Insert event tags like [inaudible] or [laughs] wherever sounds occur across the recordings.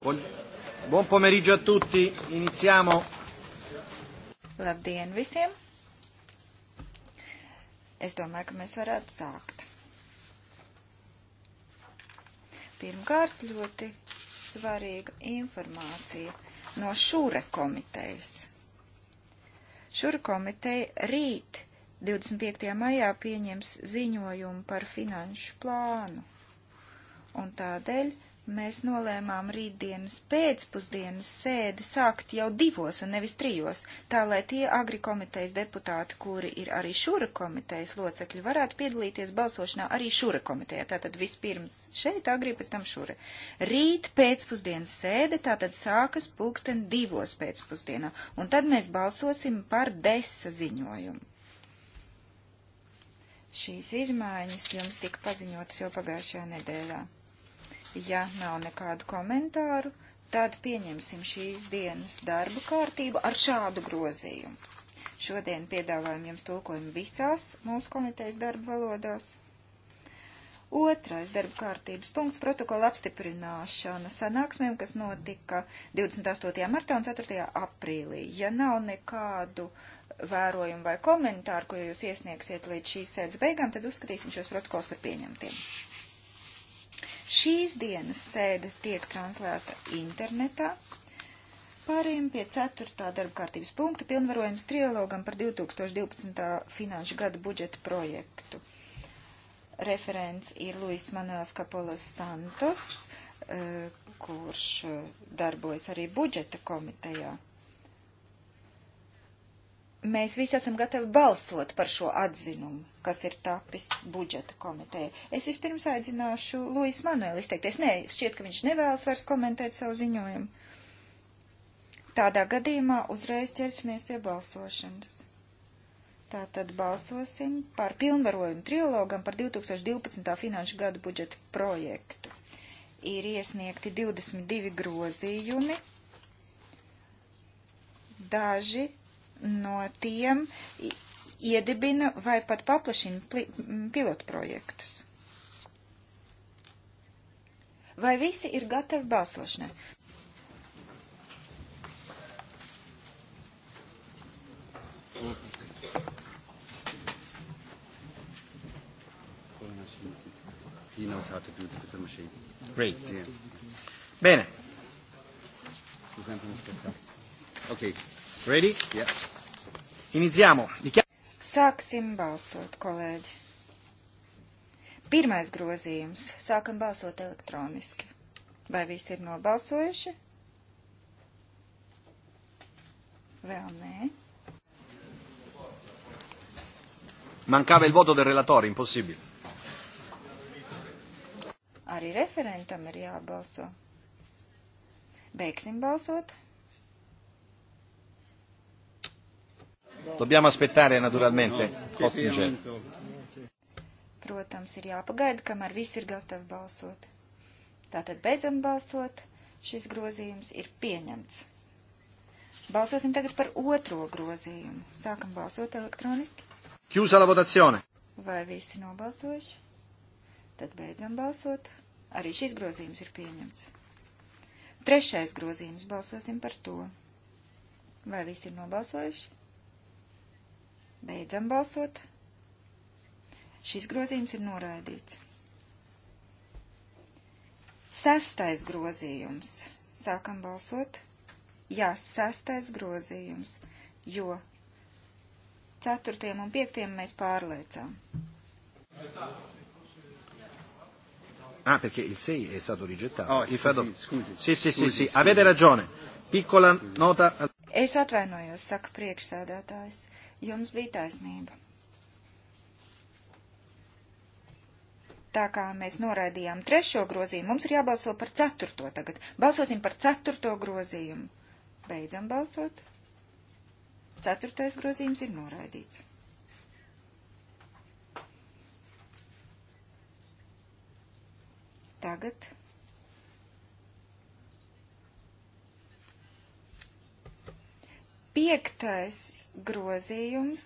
Buon pomeriggio a tutti, iniziamo. Labdien visiem! Es domāju, ka mēs varētu sākt. Pirmkārt, ļoti svarīga informācija no šūre komitejas. Šūre komiteja rīt 25. maijā pieņems ziņojumu par finanšu plānu. Un tādēļ Mēs nolēmām rītdienas pēcpusdienas sēdi sākt jau divos un nevis trijos, tā lai tie agri komitejas deputāti, kuri ir arī šura komitejas locekļi, varētu piedalīties balsošanā arī šura komitejā. Tātad vispirms šeit agri, pēc tam šura. Rīt pēcpusdienas sēde tātad sākas pulksten divos pēcpusdienā, un tad mēs balsosim par desa ziņojumu šīs izmaiņas jums tika paziņotas jau pagājušajā nedēļā. Ja nav nekādu komentāru, tad pieņemsim šīs dienas darba kārtību ar šādu grozījumu. Šodien piedāvājam jums tulkojumu visās mūsu komitejas darba valodās. Otrais darba kārtības punkts - protokola apstiprināšana sanāksmēm, kas notika 28. martā un 4. aprīlī. Ja nav nekādu vērojumu vai komentāru, ko jūs iesniegsiet līdz šīs sēdes beigām, tad uzskatīsim šos protokols par pieņemtiem. Šīs dienas sēde tiek translēta internetā. Pārējiem pie 4. darba kārtības punkta pilnvarojums trialogam par 2012. finanšu gada budžeta projektu. Referents ir Luis Manuels Kapolos Santos, eh, kurš eh, darbojas arī budžeta komitejā. Mēs visi esam gatavi balsot par šo atzinumu kas ir tapis budžeta komiteja. Es vispirms aicināšu Luisu Manuelu izteikties. Nē, šķiet, ka viņš nevēlas vairs komentēt savu ziņojumu. Tādā gadījumā uzreiz ķersimies pie balsošanas. Tātad balsosim par pilnvarojumu trilogam par 2012. finanšu gadu budžeta projektu. Ir iesniegti 22 grozījumi. Daži no tiem iedibina vai pat paplašina pilotu projektus. Vai visi ir gatavi balsošanai? He knows how to do it with the machine. Great. Yeah. Bene. Ok, ready? Yeah. Iniziamo. Dichiar- Sāksim balsot, kolēģi. Pirmais grozījums. Sākam balsot elektroniski. Vai visi ir nobalsojuši? Vēl nē. Mancava il voto del relatore, impossibile. Arī referentam ir jābalso. Beigsim balsot. Dobbiamo aspettare, naturalmente, Kostinger. Protams, ir jāpagaida, kamēr viss ir gatavi balsot. Tātad beidzam balsot. Šis grozījums ir pieņemts. Balsosim tagad par otro grozījumu. Sākam balsot elektroniski. Chiusa la votazione. Vai visi nobalsojuši? Tad beidzam balsot. Arī šis grozījums ir pieņemts. Trešais grozījums. Balsosim par to. Vai visi ir nobalsojuši? Beidzam balsot. Šis grozījums ir noraidīts. Sastais grozījums. Sākam balsot. Jā, sastais grozījums, jo ceturtiem un piektiem mēs pārliecām. Ah, perché il 6 è stato rigettato. Oh, scusi, fatto... scusi, sì, sì, scusi, sì, sì, avete ragione. Piccola nota. Es atvainojos, saka priekšsēdētājs. Jums bija taisnība. Tā kā mēs noraidījām trešo grozījumu, mums ir jābalso par ceturto tagad. Balsosim par ceturto grozījumu. Beidzam balsot. Ceturtais grozījums ir noraidīts. Tagad piektais grozījums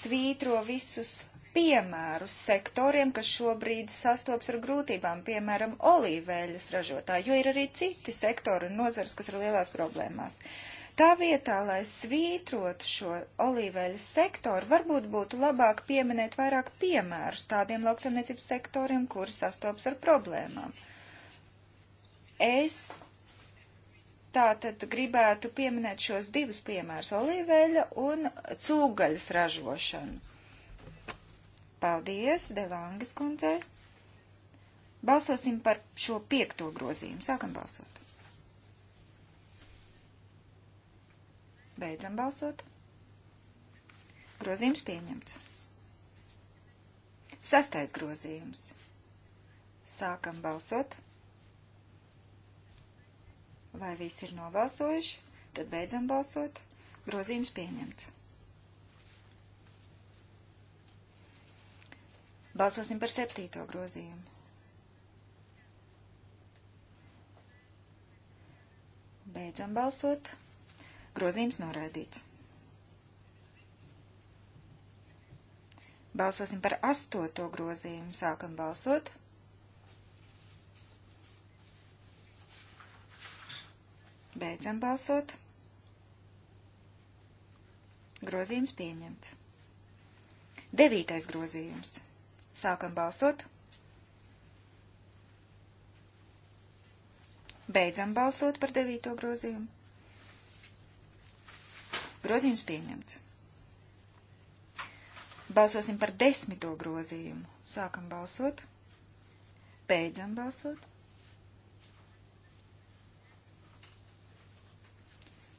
svītro visus piemērus sektoriem, kas šobrīd sastopas ar grūtībām, piemēram, olīveļas ražotāji, jo ir arī citi sektori un nozars, kas ir lielās problēmās. Tā vietā, lai svītrotu šo olīveļas sektoru, varbūt būtu labāk pieminēt vairāk piemērus tādiem lauksaimniecības sektoriem, kuri sastopas ar problēmām. Es Tātad gribētu pieminēt šos divus piemērus - olīveļa un cūgaļas ražošanu. Paldies, Delangas kundzei. Balsosim par šo piekto grozījumu. Sākam balsot. Beidzam balsot. Grozījums pieņemts. Sastais grozījums. Sākam balsot. Vai visi ir nobalsojuši? Tad beidzam balsot. Grozījums pieņemts. Balsosim par septīto grozījumu. Beidzam balsot. Grozījums noraidīts. Balsosim par astoto grozījumu. Sākam balsot. Balsot. Beidzam balsot. Grozījums pieņemts. Devītais grozījums. Sākam balsot. Beidzam balsot par devīto grozījumu. Grozījums pieņemts. Balsosim par desmito grozījumu. Sākam balsot. Beidzam balsot.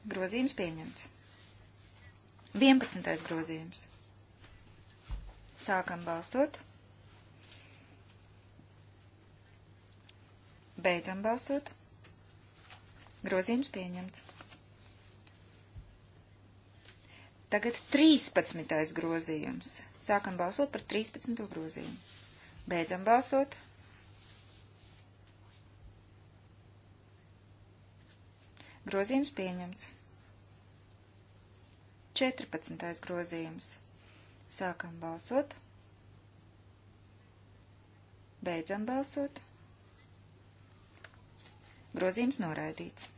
Grozījums pieņemts. 11. grozījums. Sākam balsot. Beidzam balsot. Grozījums pieņemts. Tagad 13. grozījums. Sākam balsot par 13. grozījumu. Beidzam balsot. Grozījums pieņemts. 14. grozījums. Sākam balsot. Beidzam balsot. Grozījums noraidīts.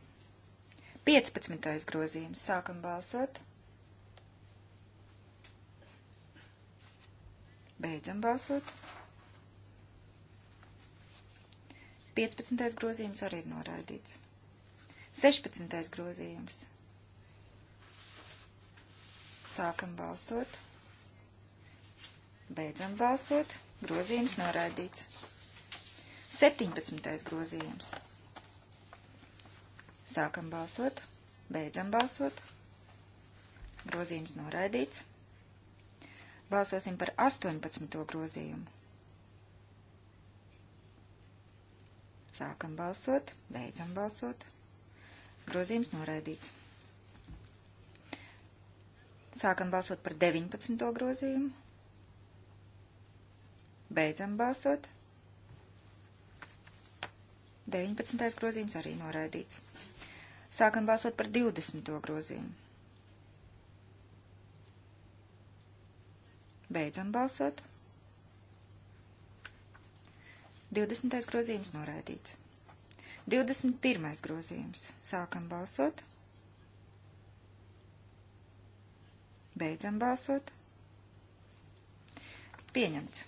15. grozījums. Sākam balsot. Beidzam balsot. 15. grozījums arī ir noraidīts. 16. grozījums. Sākam balsot. Beidzam balsot. Grozījums noraidīts. 17. grozījums. Sākam balsot. Beidzam balsot. Grozījums noraidīts. Balsosim par 18. grozījumu. Sākam balsot. Beidzam balsot. Grozījums noraidīts. Sākam balsot par 19. grozījumu. Beidzam balsot. 19. grozījums arī noraidīts. Sākam balsot par 20. grozījumu. Beidzam balsot. 20. grozījums noraidīts. 21. grozījums. Sākam balsot. Beidzam balsot. Pieņemts.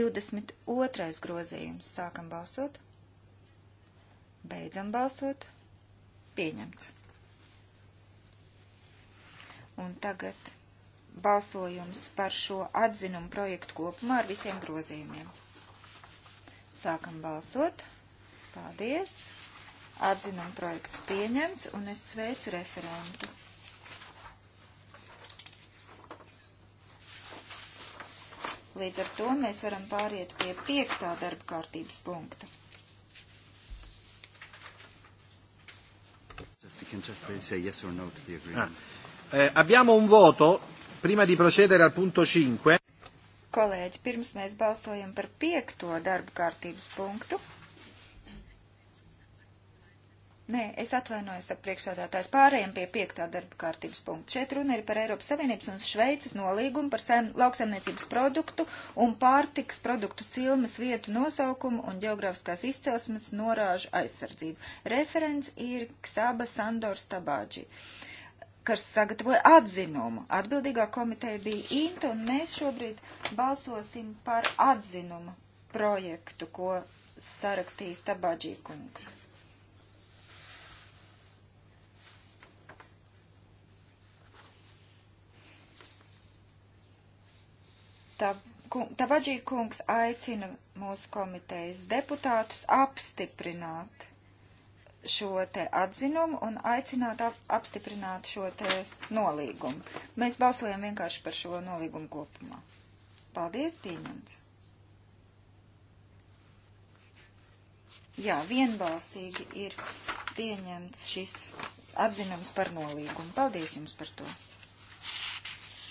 22. grozījums. Sākam balsot. Beidzam balsot. Pieņemts. Un tagad balsojums par šo atzinumu projektu kopumā ar visiem grozījumiem. Sākam balsot. Paldies. Atzinam projekts pieņemts un es sveicu referentu. Līdz ar to mēs varam pāriet pie piektā darba kārtības punkta. Ah. Eh, abbiamo un voto prima di procedere al punto 5. Kolēģi, pirms mēs balsojam par piekto darba kārtības punktu. Nē, es atvainojos, ap priekšsādātājs pārējiem pie piektā darba kārtības punkta. Šeit runa ir par Eiropas Savienības un Šveices nolīgumu par sen, lauksaimniecības produktu un pārtiks produktu cilmes vietu nosaukumu un geogrāfiskās izcelsmes norāžu aizsardzību. Referents ir Ksaba Sandors Tabāģi. Uh, kas sagatavoja atzinumu. Atbildīgā komiteja bija Inta, un mēs šobrīd balsosim par atzinumu projektu, ko sarakstīs Tabadžī kungs. Tabadžī kungs aicina mūsu komitejas deputātus apstiprināt šo te atzinumu un aicināt ap, apstiprināt šo te nolīgumu. Mēs balsojam vienkārši par šo nolīgumu kopumā. Paldies, pieņemts. Jā, vienbalsīgi ir pieņemts šis atzinums par nolīgumu. Paldies jums par to.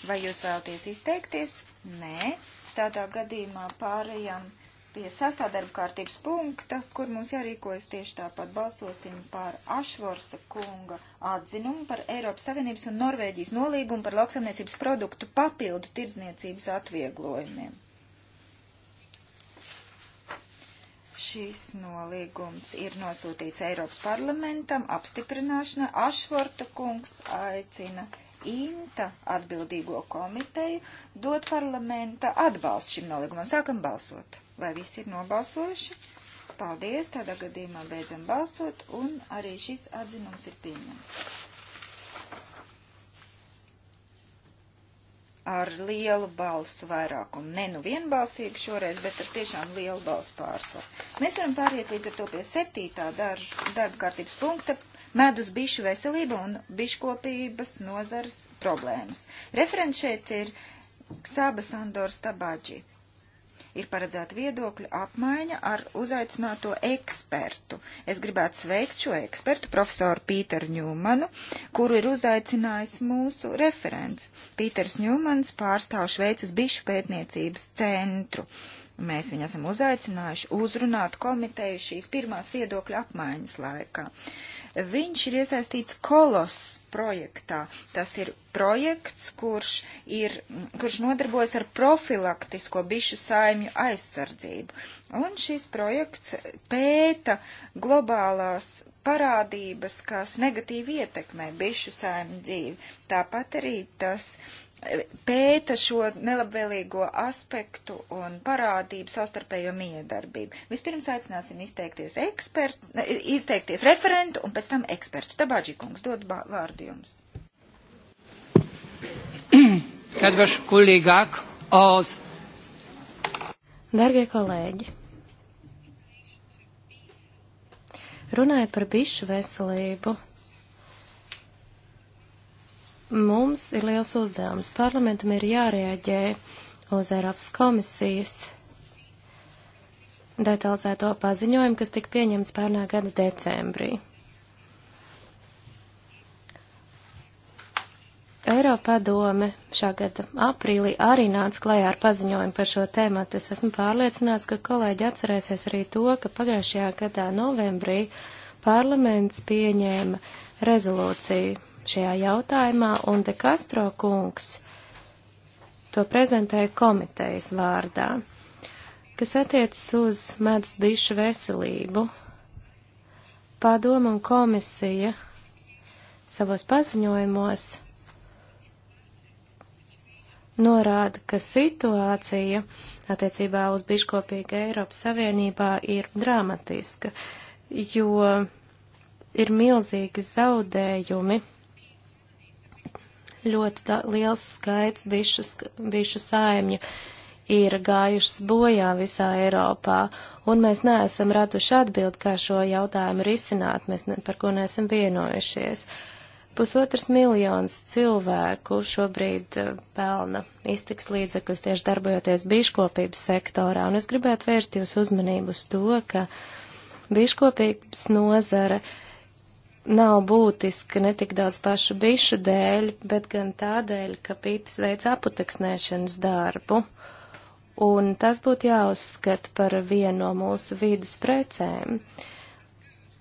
Vai jūs vēlaties izteikties? Nē. Tādā gadījumā pārējām pie sastā darba kārtības punkta, kur mums jārīkojas tieši tāpat. Balsosim par Ašvorsa kunga atzinumu par Eiropas Savienības un Norvēģijas nolīgumu par lauksaimniecības produktu papildu tirdzniecības atvieglojumiem. Šis nolīgums ir nosūtīts Eiropas parlamentam apstiprināšana. Ašvorta kungs aicina INTA atbildīgo komiteju dot parlamenta atbalstu šim nolīgumam. Sākam balsot! Vai visi ir nobalsojuši? Paldies, tādā gadījumā beidzam balsot, un arī šis atzinums ir pieņemts. Ar lielu balsu vairākumu, ne nu vienbalsīgi šoreiz, bet ar tiešām lielu balsu pārsvaru. Mēs varam pāriet līdz ar to pie septītā darba kārtības punkta medus bišu veselība un biškopības nozars problēmas. Referents šeit ir Ksaba Sandors Tabadži ir paredzēta viedokļu apmaiņa ar uzaicināto ekspertu. Es gribētu sveikt šo ekspertu, profesoru Pīteru Ņūmanu, kuru ir uzaicinājis mūsu referents. Pīters Ņūmans pārstāv Šveices bišu pētniecības centru. Mēs viņu esam uzaicinājuši uzrunāt komiteju šīs pirmās viedokļu apmaiņas laikā. Viņš ir iesaistīts kolos projektā. Tas ir projekts, kurš, ir, kurš nodarbojas ar profilaktisko bišu saimju aizsardzību. Un šis projekts pēta globālās parādības, kas negatīvi ietekmē bišu saimju dzīvi. Tāpat arī tas uh, pēta šo nelabvēlīgo aspektu un parādību savstarpējo miedarbību. Vispirms aicināsim izteikties, ekspert, izteikties referentu un pēc tam ekspertu. Tabāģi kungs, dod vārdu jums. [clears throat] Kedves kollégák, az... Dargie kolēģi, runāju par bišu veselību. Mums ir liels uzdevums. Parlamentam ir jārēģē uz Eiropas komisijas detalizēto paziņojumu, kas tika pieņemts pērnā gada decembrī. Eiropadome šā gada aprīlī arī nāca klajā ar paziņojumu par šo tēmatu. Es esmu pārliecināts, ka kolēģi atcerēsies arī to, ka pagājušajā gadā novembrī parlaments pieņēma rezolūciju šajā jautājumā, un De Castro kungs to prezentēja komitejas vārdā, kas attiecas uz medus bišu veselību. Padoma un komisija savos paziņojumos norāda, ka situācija attiecībā uz biškopīgu Eiropas Savienībā ir dramatiska, jo ir milzīgi zaudējumi ļoti da, liels skaits bišu, bišu saimņu ir gājušas bojā visā Eiropā, un mēs neesam raduši atbildi, kā šo jautājumu risināt, mēs ne, par ko neesam vienojušies. Pusotrs miljons cilvēku šobrīd eh, pelna iztiks līdzekļus tieši darbojoties biškopības sektorā, un es gribētu vērst jūs uzmanību uz to, ka biškopības nozara uh, nav būtiski ne tik daudz pašu bišu dēļ, bet gan tādēļ, ka pītis veic aputeksnēšanas darbu. Un tas būtu jāuzskata par vienu no mūsu vīdas precēm.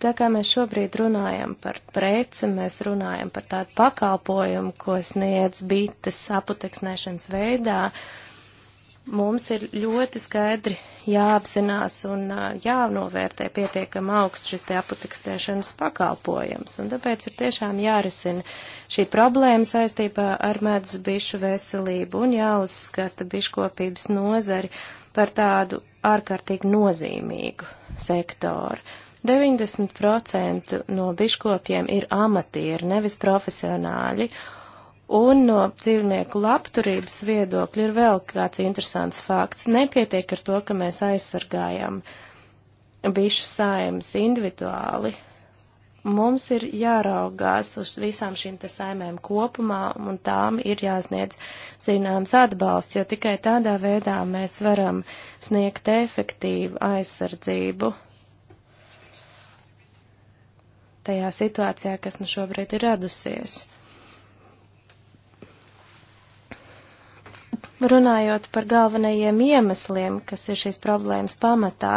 Tā kā mēs šobrīd runājam par preci, mēs runājam par tādu pakalpojumu, ko sniedz bites aputeksnēšanas veidā, uh, mums ir ļoti skaidri jāapzinās un jānovērtē pietiekam augsts šis te apatikstēšanas pakalpojums. Un tāpēc ir tiešām jārisina šī problēma saistībā ar medus bišu veselību un jāuzskata biškopības nozari par tādu ārkārtīgi nozīmīgu sektoru. 90% no biškopiem ir amatieri, nevis profesionāļi, Un no dzīvnieku labturības viedokļa ir vēl kāds interesants fakts. Nepietiek ar to, ka mēs aizsargājam bišu saimas individuāli. Mums ir jāraugās uz visām šīm te saimēm kopumā, un tām ir jāsniedz zināms atbalsts, jo tikai tādā veidā mēs varam sniegt efektīvu aizsardzību tajā situācijā, kas nu šobrīd ir radusies. Runājot par galvenajiem iemesliem, kas ir šīs problēmas pamatā,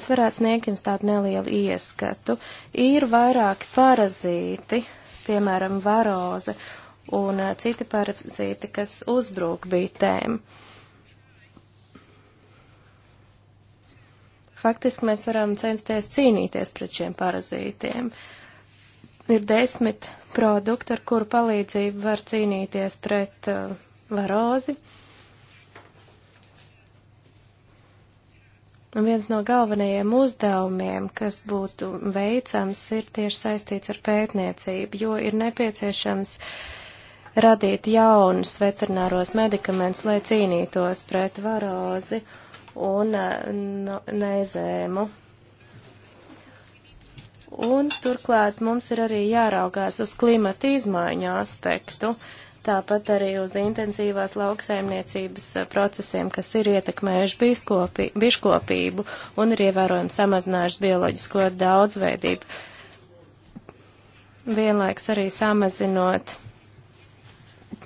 es varētu sniegt jums tādu nelielu ieskatu. Ir vairāki parazīti, piemēram, varoze un eh, citi parazīti, kas uzbrūk bītēm. Faktiski mēs varam censties cīnīties pret šiem parazītiem. Ir desmit produkti, ar kuru palīdzību var cīnīties pret uh, varozi. Un viens no galvenajiem uzdevumiem, kas būtu veicams, ir tieši saistīts ar pētniecību, jo ir nepieciešams radīt jaunus veterināros medikamentus, lai cīnītos pret varozi un eh, no, neizēmu. Un turklāt mums ir arī jāraugās uz klimata izmaiņu aspektu. Uh, tāpat arī uz intensīvās lauksaimniecības eh, procesiem, kas ir ietekmējuši biškopi, biškopību un ir ievērojami samazinājuši bioloģisko daudzveidību. Vienlaiks arī samazinot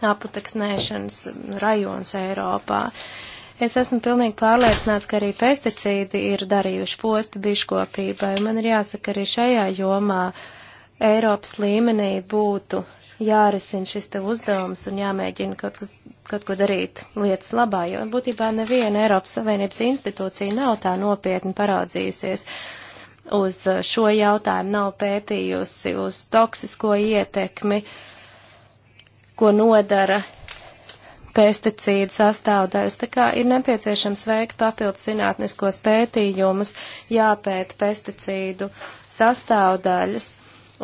aputeksnēšanas rajons Eiropā. Es esmu pilnīgi pārliecināts, ka arī pesticīdi ir darījuši postu biškopībai. Man ir jāsaka, arī šajā jomā Eiropas līmenī būtu jārisina šis te uzdevums un jāmēģina kaut, kas, kaut ko darīt lietas labā, jo būtībā neviena Eiropas Savienības institūcija nav tā nopietni paraudzījusies uz šo jautājumu, nav pētījusi uz toksisko ietekmi, ko nodara pesticīdu sastāvdaļas, tā kā ir nepieciešams veikt papildus zinātniskos pētījumus, jāpēta pesticīdu sastāvdaļas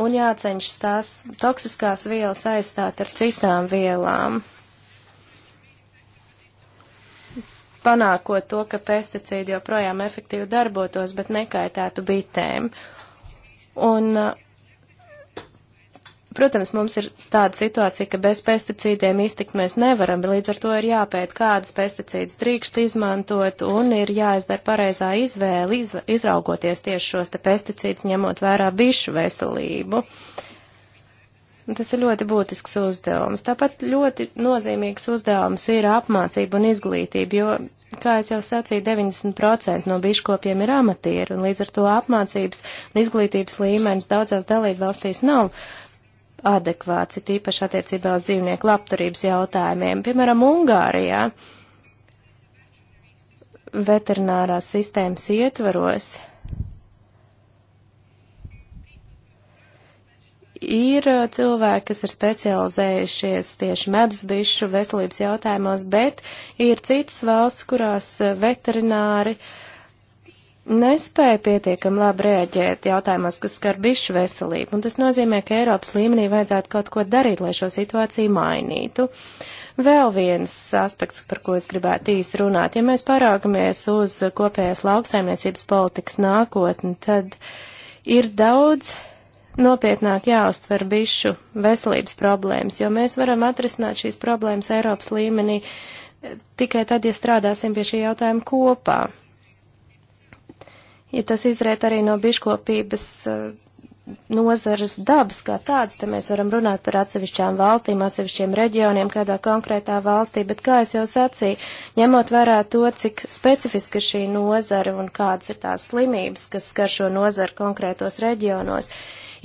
un jāceņšas tās toksiskās vielas aizstāt ar citām vielām. Panākot to, ka pesticīdi joprojām efektīvi darbotos, bet nekaitētu bitēm. Un uh, Protams, mums ir tāda situācija, ka bez pesticīdiem iztikt mēs nevaram, bet līdz ar to ir jāpēt, kādas pesticīdas drīkst izmantot un ir jāizdara pareizā izvēle, izv izraugoties tieši šos te pesticīdus, ņemot vērā bišu veselību. Tas ir ļoti būtisks uzdevums. Tāpat ļoti nozīmīgs uzdevums ir apmācība un izglītība, jo kā es jau sacīju, 90% no biškopiem ir amatieri, un līdz ar to apmācības un izglītības līmenis daudzās dalībvalstīs nav adekvāts, it īpaši attiecībā uz dzīvnieku labturības jautājumiem. Piemēram, Ungārijā veterinārās sistēmas ietvaros ir uh, cilvēki, kas ir specializējušies tieši medusbišu veselības jautājumos, bet ir citas valsts, kurās uh, veterināri uh, nespēja pietiekami labi reaģēt jautājumos, kas skar bišu veselību, un tas nozīmē, ka Eiropas līmenī vajadzētu kaut ko darīt, lai šo situāciju mainītu. Vēl viens aspekts, par ko es gribētu īsi runāt, ja mēs paraugamies uz kopējās lauksaimniecības politikas nākotni, tad ir daudz nopietnāk jāuztver bišu veselības problēmas, jo mēs varam atrisināt šīs problēmas Eiropas līmenī tikai tad, ja strādāsim pie šī jautājuma kopā ja tas izriet arī no biškopības eh, nozares dabas kā tāds, te mēs varam runāt par atsevišķām valstīm, atsevišķiem reģioniem, kādā konkrētā valstī, bet kā es jau sacīju, ņemot vērā to, cik specifiska šī nozara un kādas ir tās slimības, kas skar šo nozaru konkrētos reģionos,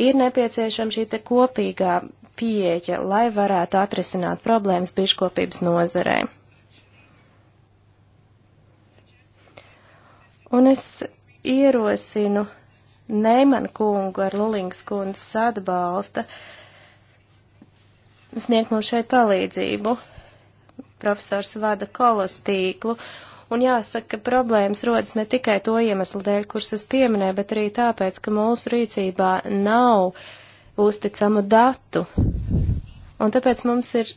ir nepieciešama šī te kopīgā pieeja, lai varētu atrisināt problēmas biškopības nozarē. Un es ierosinu Neiman kungu ar Lulings kundas atbalsta sniegt mums šeit palīdzību. Profesors vada kolos tīklu, un jāsaka, ka problēmas rodas ne tikai to iemeslu dēļ, kurus es pieminēju, bet arī tāpēc, ka mūsu rīcībā nav uzticamu datu. Un tāpēc mums ir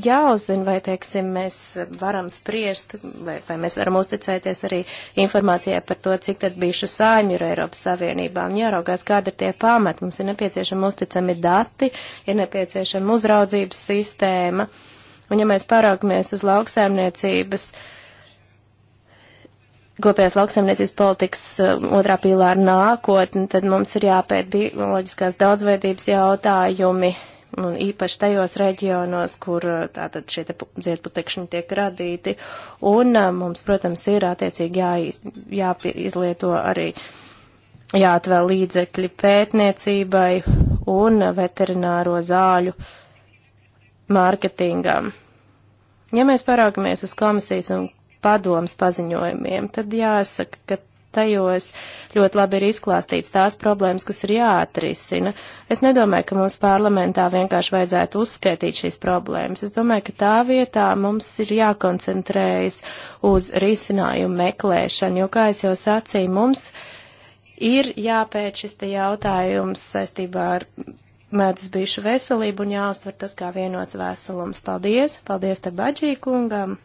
jāuzzina, vai, teiksim, mēs varam spriest, vai, vai mēs varam uzticēties arī informācijai par to, cik tad bijuši saimju ir Eiropas Savienībā un jāraugās, kāda ir tie pamati. Mums ir nepieciešami uzticami dati, ir nepieciešama uzraudzības sistēma. Un ja mēs paraugamies uz lauksaimniecības, kopējās lauksaimniecības politikas uh, otrā pīlāra nākotni, tad mums ir jāpēt bioloģiskās daudzveidības jautājumi, un īpaši tajos reģionos, kur uh, tātad šie ziedputekšņi tiek radīti, un uh, mums, protams, ir attiecīgi jāiz, jāizlieto arī jāatvēl līdzekļi pētniecībai un veterināro zāļu mārketingam. Ja mēs paraugamies uz komisijas un padomas paziņojumiem, tad jāsaka, ka tajos ļoti labi ir izklāstīts tās problēmas, kas ir jāatrisina. Es nedomāju, ka mums parlamentā vienkārši vajadzētu uzskaitīt šīs problēmas. Es domāju, ka tā vietā mums ir jākoncentrējas uz risinājumu meklēšanu, jo, kā es jau sacīju, mums ir jāpēc šis te jautājums saistībā ar medus bišu veselību un jāuztver tas kā vienots veselums. Paldies! Paldies te Baģī kungam!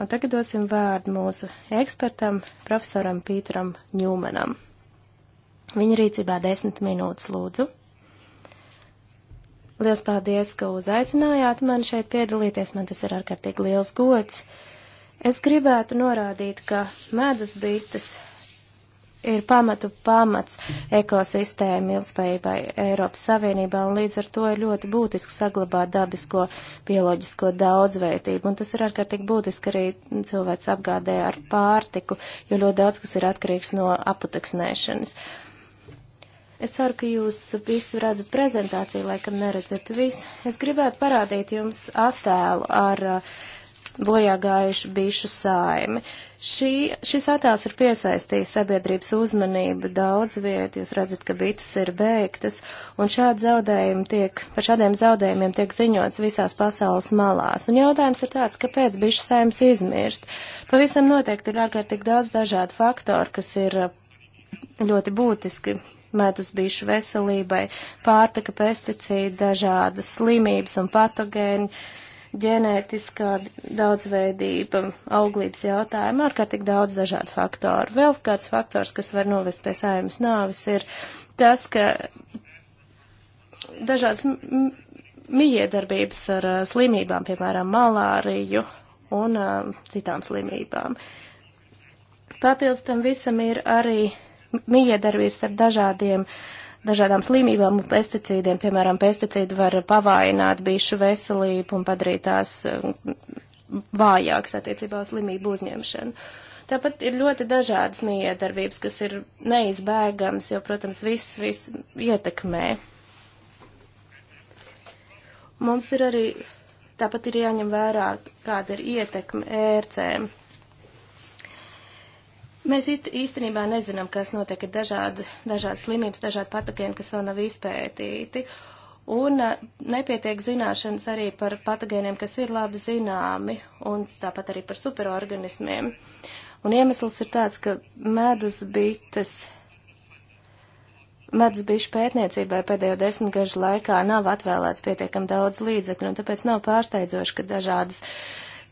Un tagad dosim vārdu mūsu ekspertam, profesoram Pīteram Ņūmenam. Viņa rīcībā desmit minūtes lūdzu. Lielas paldies, ka uzaicinājāt mani šeit piedalīties, man tas ir ārkārtīgi liels gods. Es gribētu norādīt, ka medus bites ir pamatu pamats ekosistēma ilgspējībai Eiropas Savienībā, un līdz ar to ir ļoti būtiski saglabāt dabisko bioloģisko daudzveidību, un tas ir ārkārtīgi būtiski arī cilvēks apgādē ar pārtiku, jo ļoti daudz kas ir atkarīgs no aputeksnēšanas. Es ceru, ka jūs visi redzat prezentāciju, laikam neredzat visu. Es gribētu parādīt jums attēlu ar uh, bojāgājuši bišu saimi. Šī, šis attēls ir piesaistījis sabiedrības uzmanību daudz viet, jūs redzat, ka bites ir beigtas, un šādi zaudējumi tiek, par šādiem zaudējumiem tiek ziņots visās pasaules malās. Un jautājums ir tāds, kāpēc bišu saimas izmirst? Pavisam noteikti ir ārkārtīgi daudz dažādu faktoru, kas ir uh, ļoti būtiski medus bišu veselībai, pārtika, pesticīdi, dažādas slimības un patogēni ģenētiskā daudzveidība, auglības jautājumi, ārkārtīgi daudz dažādu faktoru. Vēl kāds faktors, kas var novest pie saimas nāvis, ir tas, ka dažādas mijiedarbības ar uh, slimībām, piemēram, malāriju un uh, citām slimībām. Papildus tam visam ir arī mijiedarbības ar dažādiem uh, dažādām slimībām un pesticīdiem. Piemēram, pesticīdi var pavainot bišu veselību un padarīt tās um, vājākas attiecībā uz slimību uzņemšanu. Tāpat ir ļoti dažādas miedarbības, kas ir neizbēgams, jo, protams, viss, viss ietekmē. Mums ir arī, tāpat ir jāņem vērā, kāda ir ietekme ērcēm. Mēs it, īstenībā nezinām, kas notiek ar dažādi, dažādas slimības, dažādi patogēni, kas vēl nav izpētīti. Un eh, nepietiek zināšanas arī par patogēniem, kas ir labi zināmi, un tāpat arī par superorganismiem. Un iemesls ir tāds, ka medus bites medusbišu pētniecībai pēdējo desmitgažu laikā nav atvēlēts pietiekam daudz līdzekļu, un tāpēc nav pārsteidzoši, ka dažādas uh,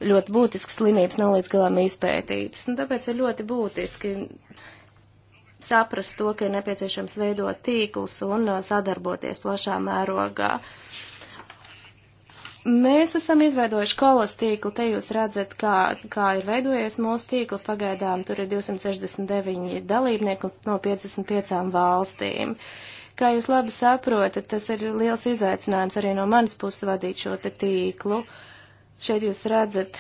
ļoti būtiskas slimības nav līdz galam izpētītas. Un nu, tāpēc ir ļoti būtiski saprast to, ka ir nepieciešams veidot tīklus un uh, sadarboties plašā mērogā. Mēs esam izveidojuši kolas tīklu, te jūs redzat, kā, kā ir veidojies mūsu tīkls. Pagaidām tur ir 269 dalībnieku no 55 valstīm. Kā jūs labi saprotat, tas ir liels izaicinājums arī no manas puses vadīt šo te tīklu. Uh, Šeit jūs redzat,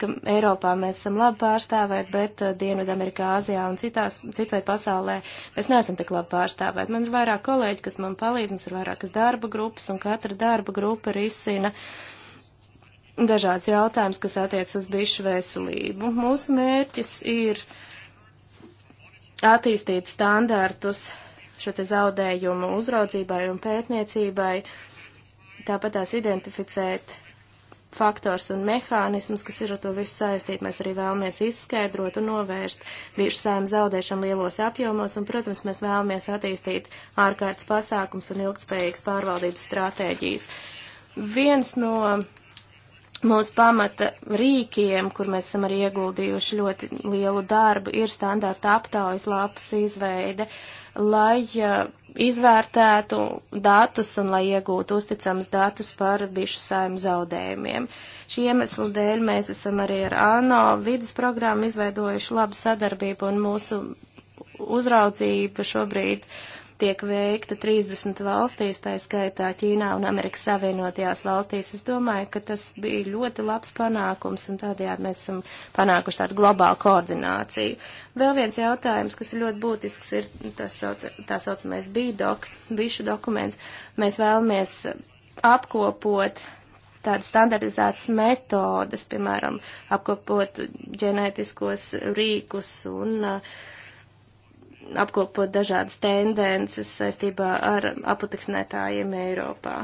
ka Eiropā mēs esam labi pārstāvēt, bet uh, Dienvidamerikā, Āzijā un citās, citvai pasaulē mēs neesam tik labi pārstāvēt. Man ir vairāk kolēģi, kas man palīdz, mums ir vairākas darba grupas, un katra darba grupa risina dažāds jautājums, kas attiec uz bišu veselību. Mūsu mērķis ir attīstīt standārtus šo te zaudējumu uzraudzībai un pētniecībai, tāpat tās identificēt faktors un mehānisms, kas ir ar to visu saistīti. Mēs arī vēlamies izskaidrot un novērst bijušu sēmu zaudēšanu lielos apjomos, un, protams, mēs vēlamies attīstīt ārkārtas pasākums un ilgtspējīgas pārvaldības stratēģijas. Viens no mūsu pamata rīkiem, kur mēs esam arī ieguldījuši ļoti lielu darbu, ir standarta aptaujas lapas izveide, lai izvērtētu datus un lai iegūtu uzticams datus par bišu saimu zaudējumiem. Šī iemesla dēļ mēs esam arī ar ANO vidas programmu izveidojuši labu sadarbību un mūsu uzraudzība šobrīd uh, tiek veikta 30 valstīs, tā skaitā Ķīnā un Amerikas Savienotajās valstīs. Es domāju, ka tas bija ļoti labs panākums, un tādējādi mēs esam panākuši tādu globālu koordināciju. Vēl viens jautājums, kas ir ļoti būtisks, ir tas sauc, tā saucamais BIDOK, bišu dokuments. Mēs vēlamies apkopot tādas standartizētas metodas, piemēram, apkopot ģenētiskos rīkus un uh, apkopot dažādas tendences saistībā ar apoteksnētājiem Eiropā.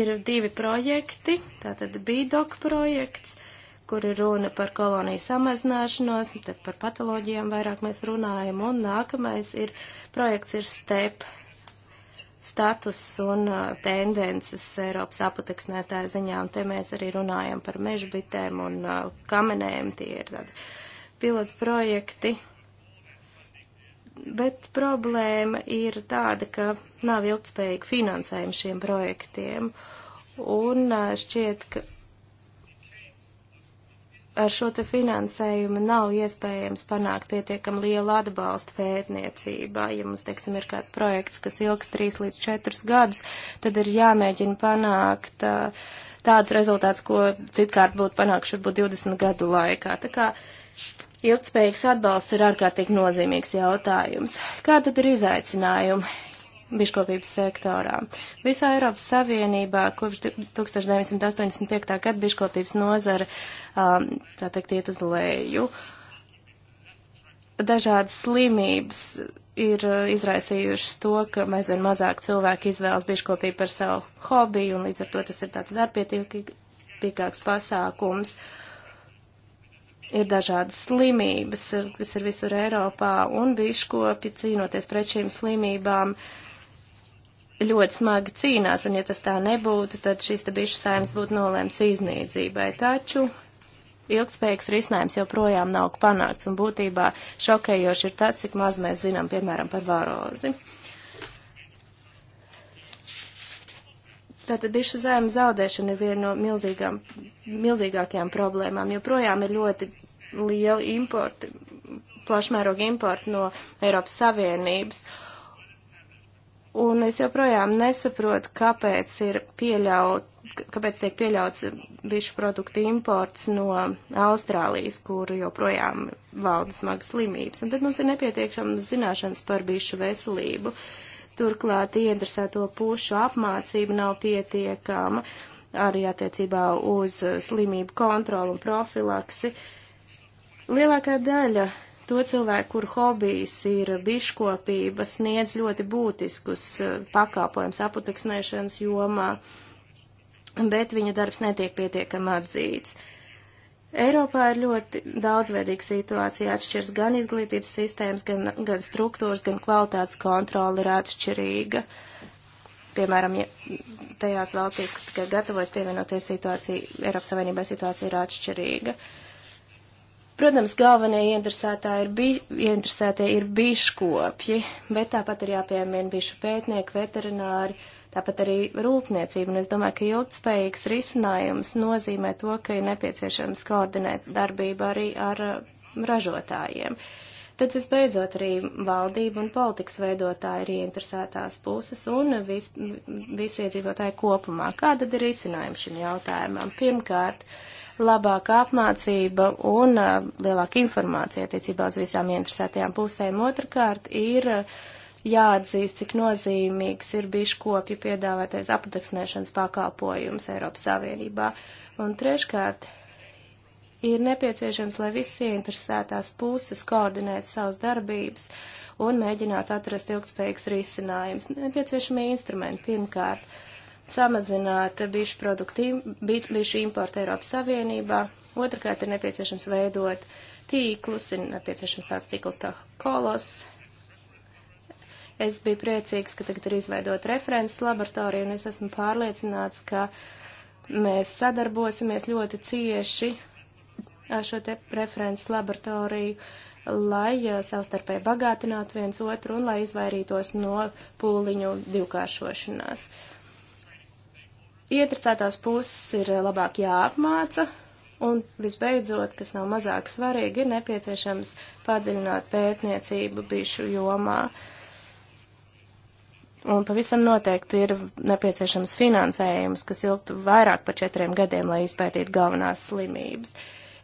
Ir divi projekti, tātad BIDOK projekts, kur ir runa par koloniju samazināšanos, tad par patoloģijām vairāk mēs runājam, un nākamais ir projekts ir STEP status un uh, tendences Eiropas apoteksnētāja ziņā, un te mēs arī runājam par mežbitēm un uh, kamenēm, tie ir tādi pilotu projekti, bet problēma ir tāda, ka nav ilgspējīgi finansējumi šiem projektiem, un šķiet, ka ar šo te finansējumu nav iespējams panākt pietiekam lielu atbalstu pētniecībā. Ja mums, teiksim, ir kāds projekts, kas ilgs 3 līdz 4 gadus, tad ir jāmēģina panākt tāds rezultāts, ko citkārt būtu panākuši varbūt 20 gadu laikā. Tā kā uh, Ilgtspējīgs atbalsts ir ārkārtīgi nozīmīgs jautājums. Kā tad ir izaicinājumi? biškopības sektorā. Visā Eiropas Savienībā kopš 1985. gada biškopības nozara, um, tā teikt, iet uz leju. Dažādas slimības ir uh, izraisījušas to, ka aizvien mazāk cilvēki izvēlas biškopību par savu hobiju, un līdz ar to tas ir tāds darbietīgāks pasākums. Uh, ir dažādas slimības, eh, kas ir visur Eiropā, un biškopi cīnoties pret šīm slimībām ļoti smagi cīnās, un ja tas tā nebūtu, tad šīs te bišu saimnes būtu nolēmts iznīcībai. Taču ilgspējīgs risinājums joprojām nav panākts, un būtībā šokējoši ir tas, cik maz mēs zinām, piemēram, par varozi. Tātad bišu zēma zaudēšana ir viena no milzīgām, milzīgākajām problēmām, joprojām ir ļoti lieli importi, plašmērogi importi no Eiropas Savienības. Un es joprojām nesaprotu, kāpēc ir pieļaut, kāpēc tiek pieļauts bišu produktu imports no Austrālijas, kur joprojām valda smagas slimības. Un tad mums ir nepietiekams zināšanas par bišu veselību. Turklāt ieinteresēto pušu apmācība nav pietiekama arī attiecībā uz slimību kontrolu un profilaksi. Uh, Lielākā daļa to cilvēku, kur hobijs ir biškopība, sniedz ļoti būtiskus eh, pakāpojums aputeksnēšanas jomā, bet viņa darbs netiek pietiekam atzīts. Eiropā ir ļoti daudzveidīga situācija, atšķirs gan izglītības sistēmas, gan, gan struktūras, gan kvalitātes kontrola ir atšķirīga. Piemēram, ja tajās valstīs, kas tikai gatavojas pievienoties situāciju, Eiropas Savienībai situācija ir atšķirīga. Uh, Protams, galvenie ieinteresētāji ir, bi ieinteresētie ir biškopji, bet tāpat ir jāpiemina bišu pētnieki, veterināri, tāpat arī rūpniecība. Un es domāju, ka ilgspējīgs risinājums nozīmē to, ka ir nepieciešams koordinēt darbību arī ar uh, ražotājiem. Tad visbeidzot arī valdība un politikas veidotāji ir ieinteresētās puses un vis, visi iedzīvotāji kopumā. Kāda ir risinājuma šim jautājumam? Pirmkārt, uh, labāka apmācība un uh, lielāka informācija attiecībā uz visām interesētajām pusēm. Otrakārt ir uh, jāatzīst, cik nozīmīgs ir biškopju piedāvātais apdeksnēšanas pakalpojums Eiropas Savienībā. Un treškārt ir nepieciešams, lai visi interesētās puses koordinētu savas darbības un mēģinātu atrast ilgspējīgs risinājums. Nepieciešamie instrumenti pirmkārt samazināt bišu, produktī, bišu importu Eiropas Savienībā. Otrakārt ir nepieciešams veidot tīklus, ir nepieciešams tāds tīkls kā kolos. Es biju priecīgs, ka tagad ir izveidot references laboratoriju, un es esmu pārliecināts, ka mēs sadarbosimies ļoti cieši ar šo te references laboratoriju, lai uh, savstarpēji bagātinātu viens otru un lai izvairītos no pūliņu divkāršošanās. Uh, Ietresētās puses ir eh, labāk jāapmāca, un visbeidzot, kas nav mazāk svarīgi, ir nepieciešams padziļināt pētniecību bišu jomā. Un pavisam noteikti ir nepieciešams finansējums, kas ilgtu vairāk par četriem gadiem, lai izpētītu galvenās slimības.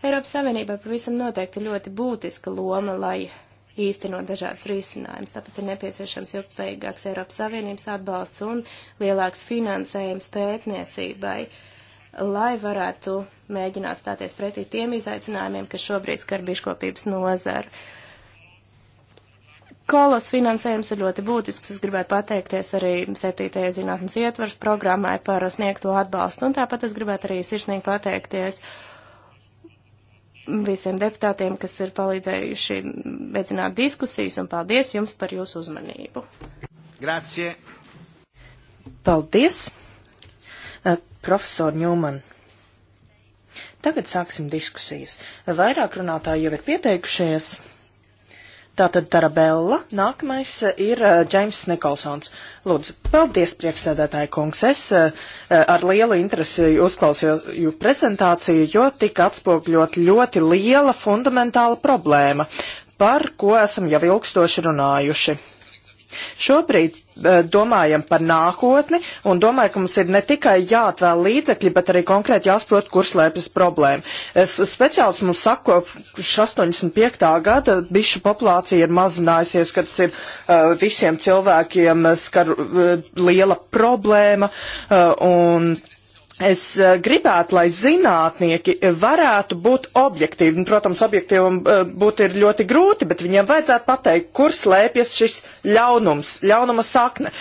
Eiropas Savienībai pavisam noteikti ļoti būtiska loma, lai īstenot dažādas risinājumus. Tāpat ir nepieciešams ilgspējīgāks Eiropas Savienības atbalsts un lielāks finansējums pētniecībai, lai varētu mēģināt stāties pretī tiem izaicinājumiem, kas šobrīd skar biškopības nozaru. Kolos finansējums ir ļoti būtisks. Es gribētu pateikties arī 7. zinātnes ietvars programmai par sniegto atbalstu, un tāpat es gribētu arī sirsnīgi pateikties uh, visiem deputātiem, kas ir palīdzējuši veicināt diskusijas, un paldies jums par jūsu uzmanību. Grācie! Paldies, eh, profesor Ņūman! Tagad sāksim diskusijas. Vairāk runātāji jau ir pieteikušies. Tātad Tarabella, nākamais uh, ir Džeims uh, Nikolsons. Lūdzu, paldies priekšsēdētāji kungs. Es uh, uh, ar lielu interesi uzklausīju prezentāciju, jo tika atspogļot ļoti liela fundamentāla problēma, par ko esam jau ilgstoši runājuši. Šobrīd Eh, domājam par nākotni un domāju, ka mums ir ne tikai jāatvēl līdzekļi, bet arī konkrēti jāsaprot, kur slēpjas problēma. Es, speciāls mums saka, kopš 85. gada bišu populācija ir mazinājusies, kad tas ir uh, visiem cilvēkiem skar uh, liela problēma uh, un Es e, gribētu, lai zinātnieki varētu būt objektīvi. Un, nu, protams, objektīvam e, būt ir ļoti grūti, bet viņiem vajadzētu pateikt, kur slēpjas šis ļaunums, ļaunuma sakne.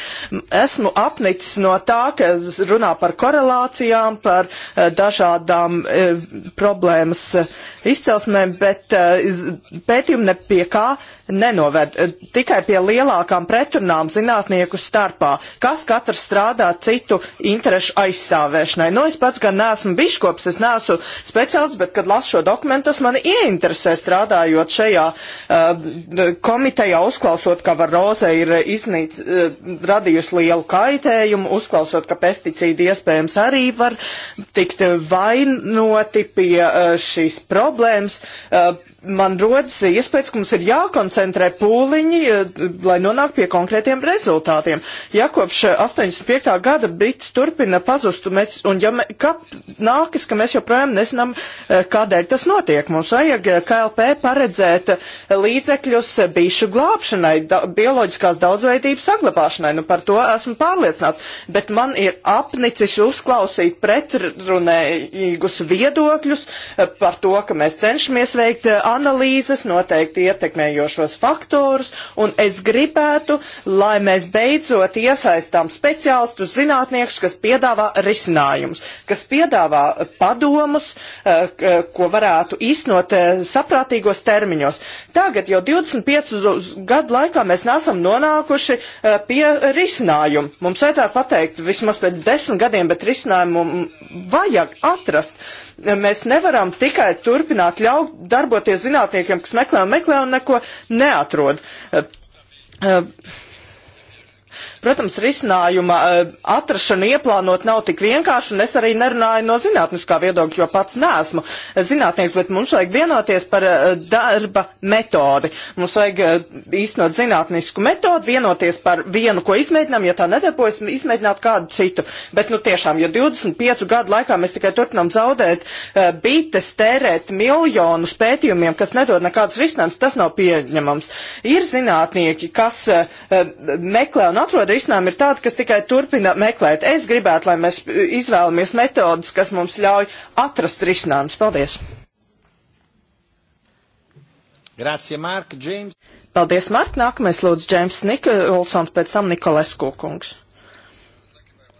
Esmu apnicis no tā, ka runā par korelācijām, par e, dažādām problēmas izcelsmēm, bet pētījumi ne pie kā nenoved. Tikai pie lielākām pretrunām zinātnieku starpā, kas katrs strādā citu interešu aizstāvēšanai problēmai. Nu, es pats gan neesmu biškops, es neesmu speciālists, bet, kad lasu šo dokumentu, tas mani ieinteresē strādājot šajā uh, komitejā, uzklausot, ka varoze ir iznīc, uh, radījusi lielu kaitējumu, uzklausot, ka pesticīdi iespējams arī var tikt vainoti pie uh, šīs problēmas. Uh, man rodas iespējas, ka mums ir jākoncentrē pūliņi, eh, lai nonāktu pie konkrētiem rezultātiem. Ja kopš 85. Eh, gada bits turpina pazust, mēs, un ja mē, ka, nākas, ka mēs joprojām nezinām, eh, kādēļ tas notiek, mums vajag KLP paredzēt līdzekļus bišu glābšanai, da, bioloģiskās daudzveidības saglabāšanai, nu par to esmu pārliecināts, bet man ir apnicis uzklausīt pretrunējumus viedokļus par to, ka mēs cenšamies veikt analīzes, noteikti ietekmējošos faktorus, un es gribētu, lai mēs beidzot iesaistām speciālistus, zinātniekus, kas piedāvā risinājumus, kas piedāvā padomus, eh, ko varētu īstenot eh, saprātīgos termiņos. Tagad jau 25 gadu laikā mēs nesam nonākuši eh, pie risinājumu. Mums vajadzētu pateikt vismaz pēc desmit gadiem, bet risinājumu vajag atrast. Mēs nevaram tikai turpināt ļaut darboties zinātniekiem, kas meklē un meklē un neko neatrod. Eh, eh, Protams, risinājuma eh, atrašana ieplānot nav tik vienkārši, un es arī nerunāju no zinātniskā viedokļa, jo pats neesmu zinātnieks, bet mums vajag vienoties par eh, darba metodi. Mums vajag eh, īstenot zinātnisku metodu, vienoties par vienu, ko izmēģinām, ja tā nedarbojas, izmēģināt kādu citu. Bet, nu, tiešām, ja 25 gadu laikā mēs tikai turpinām zaudēt bites, tērēt miljonus pētījumiem, kas nedod nekādas risinājumus, tas nav pieņemams. Ir zinātnieki, kas meklē un atrod tāda risinājuma ir tāda, kas tikai turpina meklēt. Es gribētu, lai mēs izvēlamies metodas, kas mums ļauj atrast risinājumus. Paldies! Grācie, Mark, James. Paldies, Mark. Nākamais lūdzu Džeims Nikolsons, pēc tam Nikolesku kungs.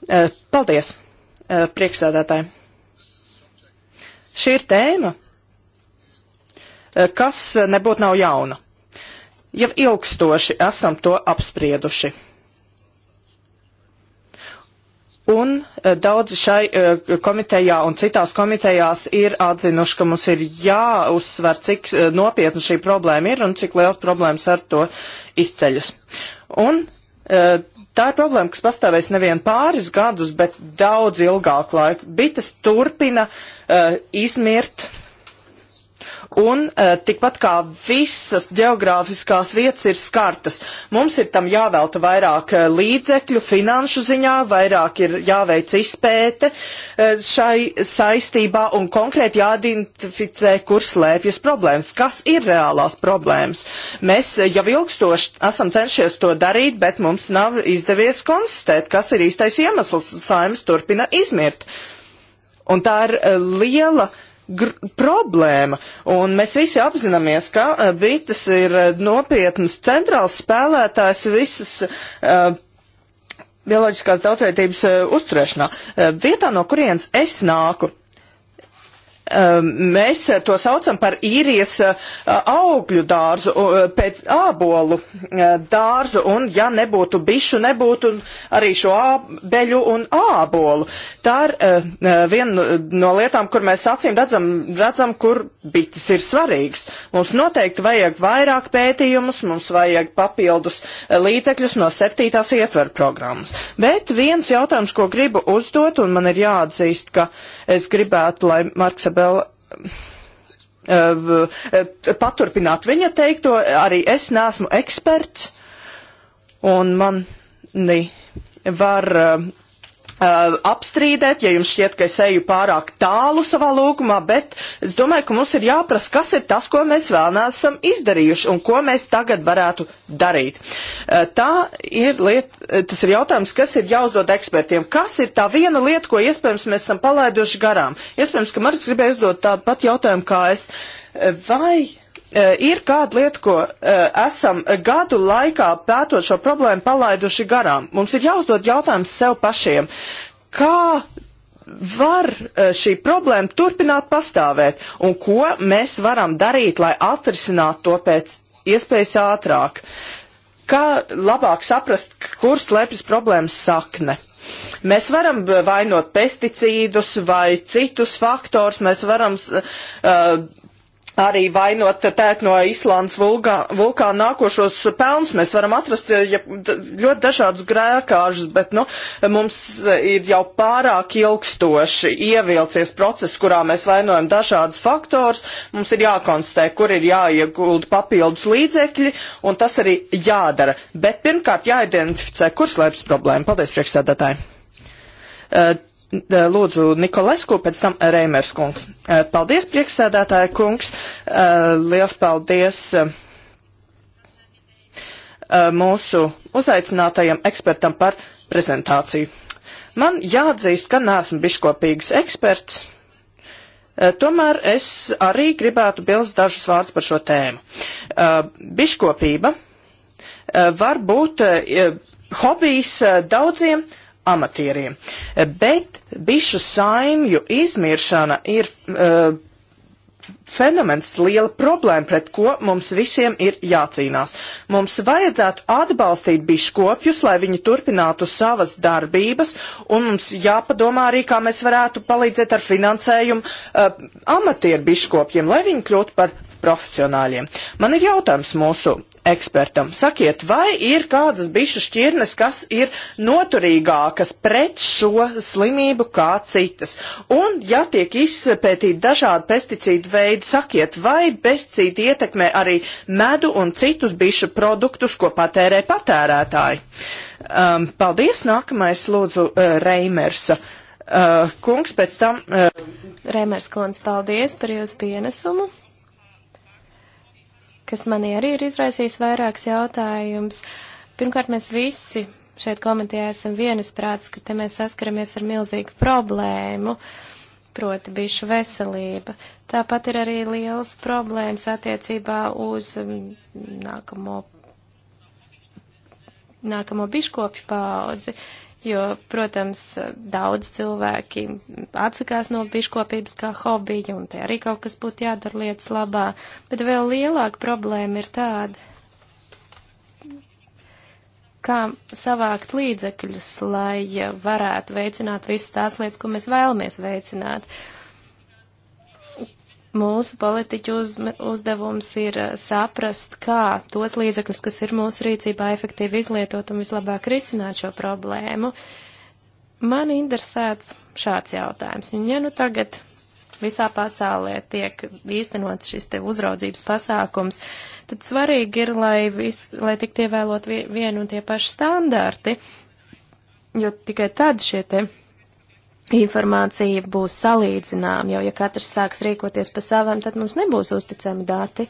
E, paldies, e, priekšsēdētāji. Šī ir tēma, e, kas nebūtu nav jauna jau ilgstoši esam to apsprieduši. Un eh, daudzi šai eh, komitejā un citās komitejās ir atzinuši, ka mums ir jāuzsver, cik eh, nopietna šī problēma ir un cik liels problēmas ar to izceļas. Un tā ir problēma, kas pastāvēs nevien pāris gadus, bet daudz ilgāku laiku. Bites turpina izmirt un uh, tikpat kā visas geogrāfiskās vietas ir skartas. Mums ir tam jāvelta vairāk uh, līdzekļu finanšu ziņā, vairāk ir jāveic izpēte uh, šai saistībā un konkrēti jāidentificē, kur slēpjas problēmas, kas ir reālās problēmas. Mēs uh, jau ilgstoši esam cenšies to darīt, bet mums nav izdevies konstatēt, kas ir īstais iemesls, saimas turpina izmirt. Un tā ir uh, liela uh, problēma, un mēs visi apzināmies, ka uh, eh, bites ir uh, nopietnas centrāls spēlētājs visas uh, bioloģiskās daudzveidības uh, uzturēšanā. Uh, vietā, no kurienes es nāku, Ehm, mēs eh, to saucam par īrijas eh, augļu dārzu, eh, pēc ābolu dārzu, un ja nebūtu bišu, nebūtu arī šo ābeļu un ābolu. Tā ir viena no lietām, kur mēs acīm redzam, redzam kur bites ir svarīgas. Mums noteikti vajag vairāk pētījumus, mums vajag papildus līdzekļus no septītās ietveru programmas. Bet viens jautājums, ko gribu uzdot, un man ir jāatzīst, ka es gribētu, lai Marksa vēl eh, paturpināt viņa teikto, arī es neesmu eksperts, un man ne var eh, Uh, apstrīdēt, ja jums šķiet, ka es eju pārāk tālu savā lūgumā, bet es domāju, ka mums ir jāprasa, kas ir tas, ko mēs vēl neesam izdarījuši un ko mēs tagad varētu darīt. Uh, tā ir lieta, uh, tas ir jautājums, kas ir jāuzdod ekspertiem. Kas ir tā viena lieta, ko iespējams mēs esam palaiduši garām? Iespējams, ka Marks gribēja uzdot tādu pat jautājumu kā es. Uh, vai E, ir kāda lieta, ko e, esam gadu laikā pētot šo problēmu palaiduši garām. Mums ir jāuzdod jautājums sev pašiem. Kā var e, šī problēma turpināt pastāvēt un ko mēs varam darīt, lai atrisinātu to pēc iespējas ātrāk? Kā labāk saprast, kur slēpjas problēmas sakne? Mēs varam vainot pesticīdus vai citus faktors, mēs varam uh, arī vainot tēt no Islandas vulkāna nākošos pelnus. Mēs varam atrast ja, ļoti dažādus grēkāžus, bet nu, mums ir jau pārāk ilgstoši ievilcies process, kurā mēs vainojam dažādas faktors. Mums ir jākonstatē, kur ir jāiegulda papildus līdzekļi, un tas arī jādara. Bet pirmkārt jāidentificē, kur slēpjas problēma. Paldies, priekšsēdētāji! Uh, Eh, lūdzu, Nikolesku, pēc tam Reimers kungs. Eh, paldies, priekšsēdētāja kungs. Eh, liels paldies mūsu uzaicinātajam ekspertam par prezentāciju. Man jāatzīst, ka neesmu biškopīgs eksperts. Tomēr es arī gribētu bilst dažus vārdus par šo tēmu. Biškopība var būt hobijs daudziem amatieriem. Bet bišu saimju izmiršana ir uh, fenomens, liela problēma, pret ko mums visiem ir jācīnās. Mums vajadzētu atbalstīt biškopjus, lai viņi turpinātu savas darbības, un mums jāpadomā arī, kā mēs varētu palīdzēt ar finansējumu uh, amatieru biškopjiem, lai viņi kļūtu par profesionāļiem. Man ir jautājums mūsu ekspertam. Sakiet, vai ir kādas bišu šķirnes, kas ir noturīgākas pret šo slimību kā citas? Un, ja tiek izpētīti dažādi pesticīdu veidi, sakiet, vai pesticīdi ietekmē arī medu un citus bišu produktus, ko patērē patērētāji? Um, paldies, nākamais lūdzu uh, Reimersa. Uh, kungs, pēc tam. Uh... Reimers Kons, paldies par jūsu pienesumu kas manī arī ir izraisījis vairākas jautājumus. Pirmkārt, mēs visi šeit komitejā esam vienisprāts, ka te mēs saskaramies ar milzīgu problēmu, proti bišu veselība. Tāpat ir arī liels problēmas attiecībā uz mm, nākamo, nākamo biškopju paudzi, jo, protams, daudz cilvēki atsakās no biškopības kā hobija, un te arī kaut kas būtu jādara lietas labā, bet vēl lielāka problēma ir tāda, kā savākt līdzekļus, lai varētu veicināt visas tās lietas, ko mēs vēlamies veicināt. Uh, mūsu politiķu uz, uzdevums ir eh, saprast, kā tos līdzekļus, kas ir mūsu rīcībā, efektīvi izlietot un vislabāk risināt šo problēmu. Man interesēts šāds jautājums. Un, ja nu tagad visā pasaulē tiek īstenots šis te uzraudzības pasākums, tad svarīgi ir, lai, vis, lai tik ievēlot vienu un tie paši standarti, jo tikai tad šie te informācija būs salīdzinām, jo ja katrs sāks rīkoties pa savam, tad mums nebūs uzticami dati.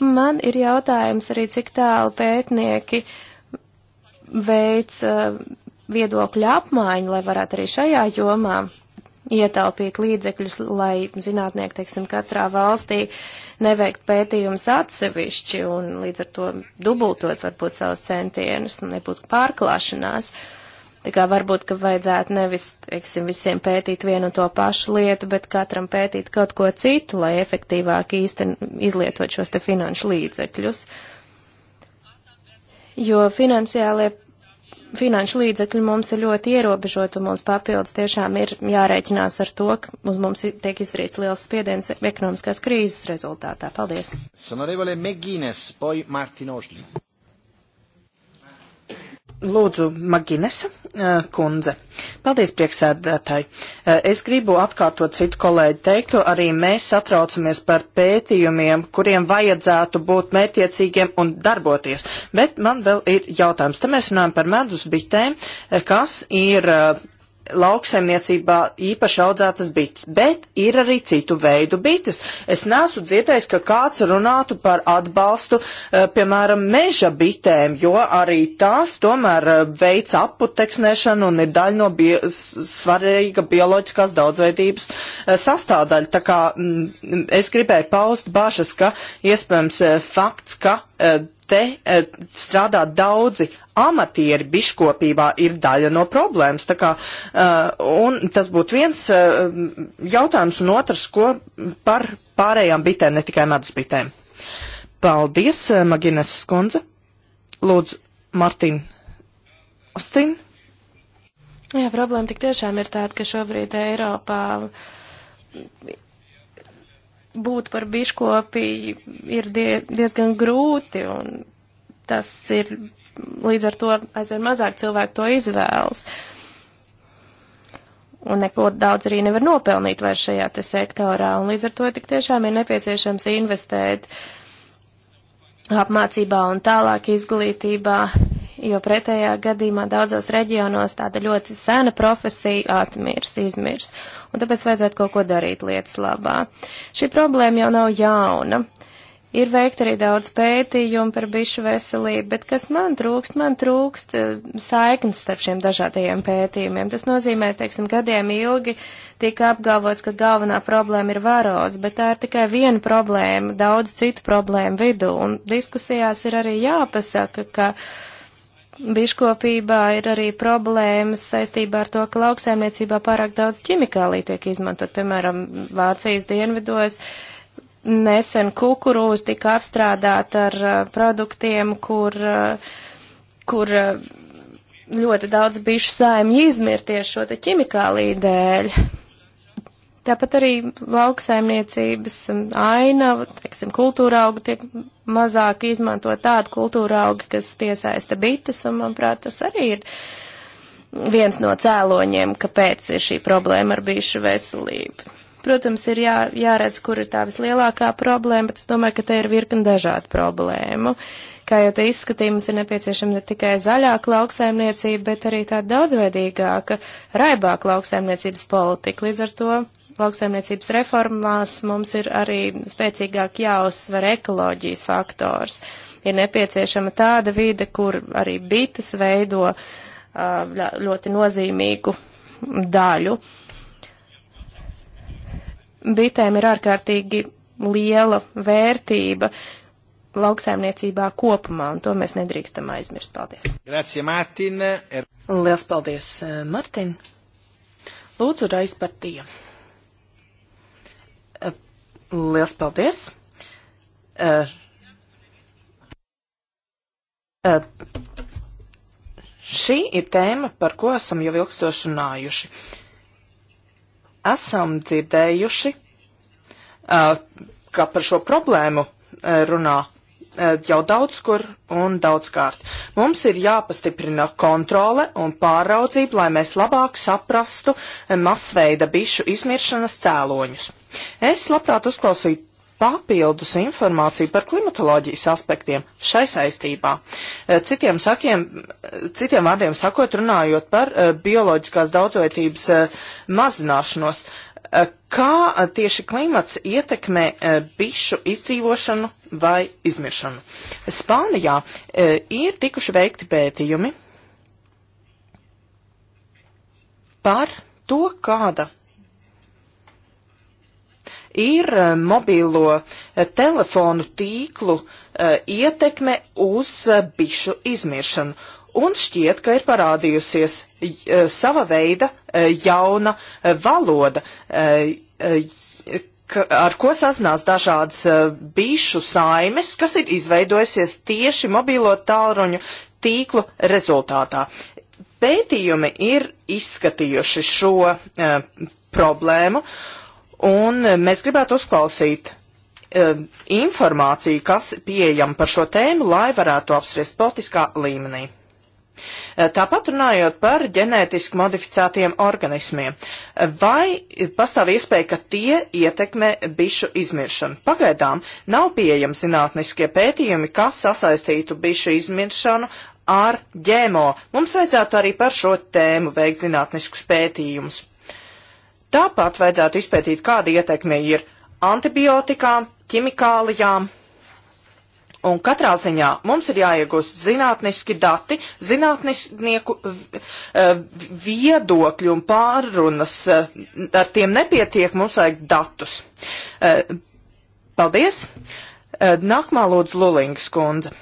Man ir jautājums arī, cik tālu pētnieki veic uh, viedokļu apmaiņu, lai varētu arī šajā jomā ietaupīt līdzekļus, lai zinātnieki, teiksim, katrā valstī neveikt pētījumus atsevišķi un līdz ar to dubultot varbūt savus centienus un nebūtu pārklāšanās. Uh, Tā kā varbūt, ka vajadzētu nevis, teiksim, visiem pētīt vienu un to pašu lietu, bet katram pētīt kaut ko citu, lai efektīvāk īsten izlietot šos te finanšu līdzekļus. Jo finansiālie finanšu līdzekļi mums ir ļoti ierobežot, un mums papildus tiešām ir jārēķinās ar to, ka uz mums tiek izdarīts liels spiediens ekonomiskās krīzes rezultātā. Paldies! Megines, Lūdzu, Magines Eh, kundze. Paldies, prieksēdētāji. Eh, es gribu atkārtot citu kolēģi teiktu, arī mēs satraucamies par pētījumiem, kuriem vajadzētu būt mērķiecīgiem un darboties. Bet man vēl ir jautājums. Te mēs runājam par medus bitēm, eh, kas ir lauksaimniecībā īpaši audzētas bites, bet ir arī citu veidu bites. Es nesu dzirdējis, ka kāds runātu par atbalstu, eh, piemēram, meža bitēm, jo arī tās tomēr eh, veic aputeksnēšanu un ir daļa no bio, svarīga bioloģiskās daudzveidības eh, sastāvdaļa. Tā kā m, mm, es gribēju paust bažas, ka iespējams fakts, ka Eh, te eh, strādā daudzi amatieri biškopībā ir daļa no problēmas. Tā kā, eh, un tas būtu viens jautājums, un otrs, ko par pārējām bitēm, ne tikai medus bitēm. Paldies, Magines skundze. Lūdzu, Martin Ostin. Jā, problēma tik tiešām ir tāda, ka šobrīd Eiropā būt par biškopi ir die, diezgan grūti, un tas ir līdz ar to aizvien mazāk cilvēku to izvēlas. Un neko daudz arī nevar nopelnīt vairs šajā te sektorā, un līdz ar to tik tiešām ir nepieciešams investēt apmācībā un tālāk izglītībā, jo pretējā gadījumā daudzos reģionos tāda ļoti sena profesija atmirs, izmirs, un tāpēc vajadzētu kaut ko darīt lietas labā. Šī problēma jau nav jauna. Ir veikta arī daudz pētījumu par bišu veselību, bet kas man trūkst, man trūkst eh, saiknes starp šiem dažādajiem pētījumiem. Tas nozīmē, teiksim, gadiem ilgi tika apgalvots, ka galvenā problēma ir varos, bet tā ir tikai viena problēma, daudz citu problēmu vidū, un diskusijās ir arī jāpasaka, ka. Uh, Biškopībā ir arī problēmas saistībā ar to, ka lauksaimniecībā pārāk daudz ķimikālī tiek izmantot, piemēram, Vācijas dienvidos. Nesen kukurūz tika apstrādāt ar uh, produktiem, kur, uh, kur uh, ļoti daudz bišu saimņu izmirties šo te ķimikālī dēļ. Tāpat arī lauksaimniecības um, ainava, teiksim, kultūra auga tiek mazāk izmantot tādu kultūra auga, kas piesaista bites, un, manuprāt, tas arī ir viens no cēloņiem, kāpēc ir šī problēma ar bišu veselību. Protams, ir jā, jāredz, kur ir tā vislielākā problēma, bet es domāju, ka te ir virkni dažādu problēmu. Kā jau te izskatīja, mums ir nepieciešama ne tikai zaļāka lauksaimniecība, bet arī tāda daudzveidīgāka, raibāka lauksaimniecības politika. Līdz ar to lauksaimniecības reformās mums ir arī spēcīgāk jāuzsver ekoloģijas faktors. Ir nepieciešama tāda vide, kur arī bites veido uh, ļoti nozīmīgu daļu. Bitēm ir ārkārtīgi liela vērtība lauksaimniecībā kopumā, un to mēs nedrīkstam aizmirst. Paldies! Grazie, Mārtiņ! Er- Liels paldies, eh, Mārtiņ! Lūdzu, raizpartija! Liels paldies! Uh, uh, šī ir tēma, par ko esam jau ilgstoši runājuši. Esam dzirdējuši, uh, ka par šo problēmu runā Eh, jau daudz kur un daudz kārt. Mums ir jāpastiprina kontrole un pāraudzība, lai mēs labāk saprastu masveida bišu izmiršanas cēloņus. Es labprāt uzklausītu papildus informāciju par klimatoloģijas aspektiem šai saistībā. Eh, citiem, sakiem, citiem vārdiem sakot, runājot par eh, bioloģiskās daudzveidības mazināšanos, Eh, kā eh, tieši klimats ietekmē eh, bišu izdzīvošanu vai izmiršanu. Spānijā ir tikuši veikti pētījumi par to, kāda ir mobīlo telefonu tīklu ietekme uz bišu izmiršanu un šķiet, ka ir parādījusies e, sava veida e, jauna e, valoda, ar ko sazinās dažādas bišu saimes, kas ir izveidojusies tieši mobīlo tālruņu tīklu rezultātā. Pētījumi ir izskatījuši šo problēmu, un mēs gribētu uzklausīt informāciju, kas pieejama par šo tēmu, lai varētu apspriest politiskā līmenī. Tāpat runājot par ģenētiski modificētiem organismiem, vai pastāv iespēja, ka tie ietekmē bišu izmiršanu? Pagaidām nav pieejami zinātniskie pētījumi, kas sasaistītu bišu izmiršanu ar ģēmo. Mums vajadzētu arī par šo tēmu veikt zinātniskus pētījumus. Tāpat vajadzētu izpētīt, kāda ietekme ir antibiotikām, ķimikālijām, Un katrā ziņā mums ir jāiegūst zinātniski dati, zinātnisnieku e, viedokļi un pārrunas. E, ar tiem nepietiek, mums vajag datus. E, paldies! Nākamā lūdzu Lulings kundze.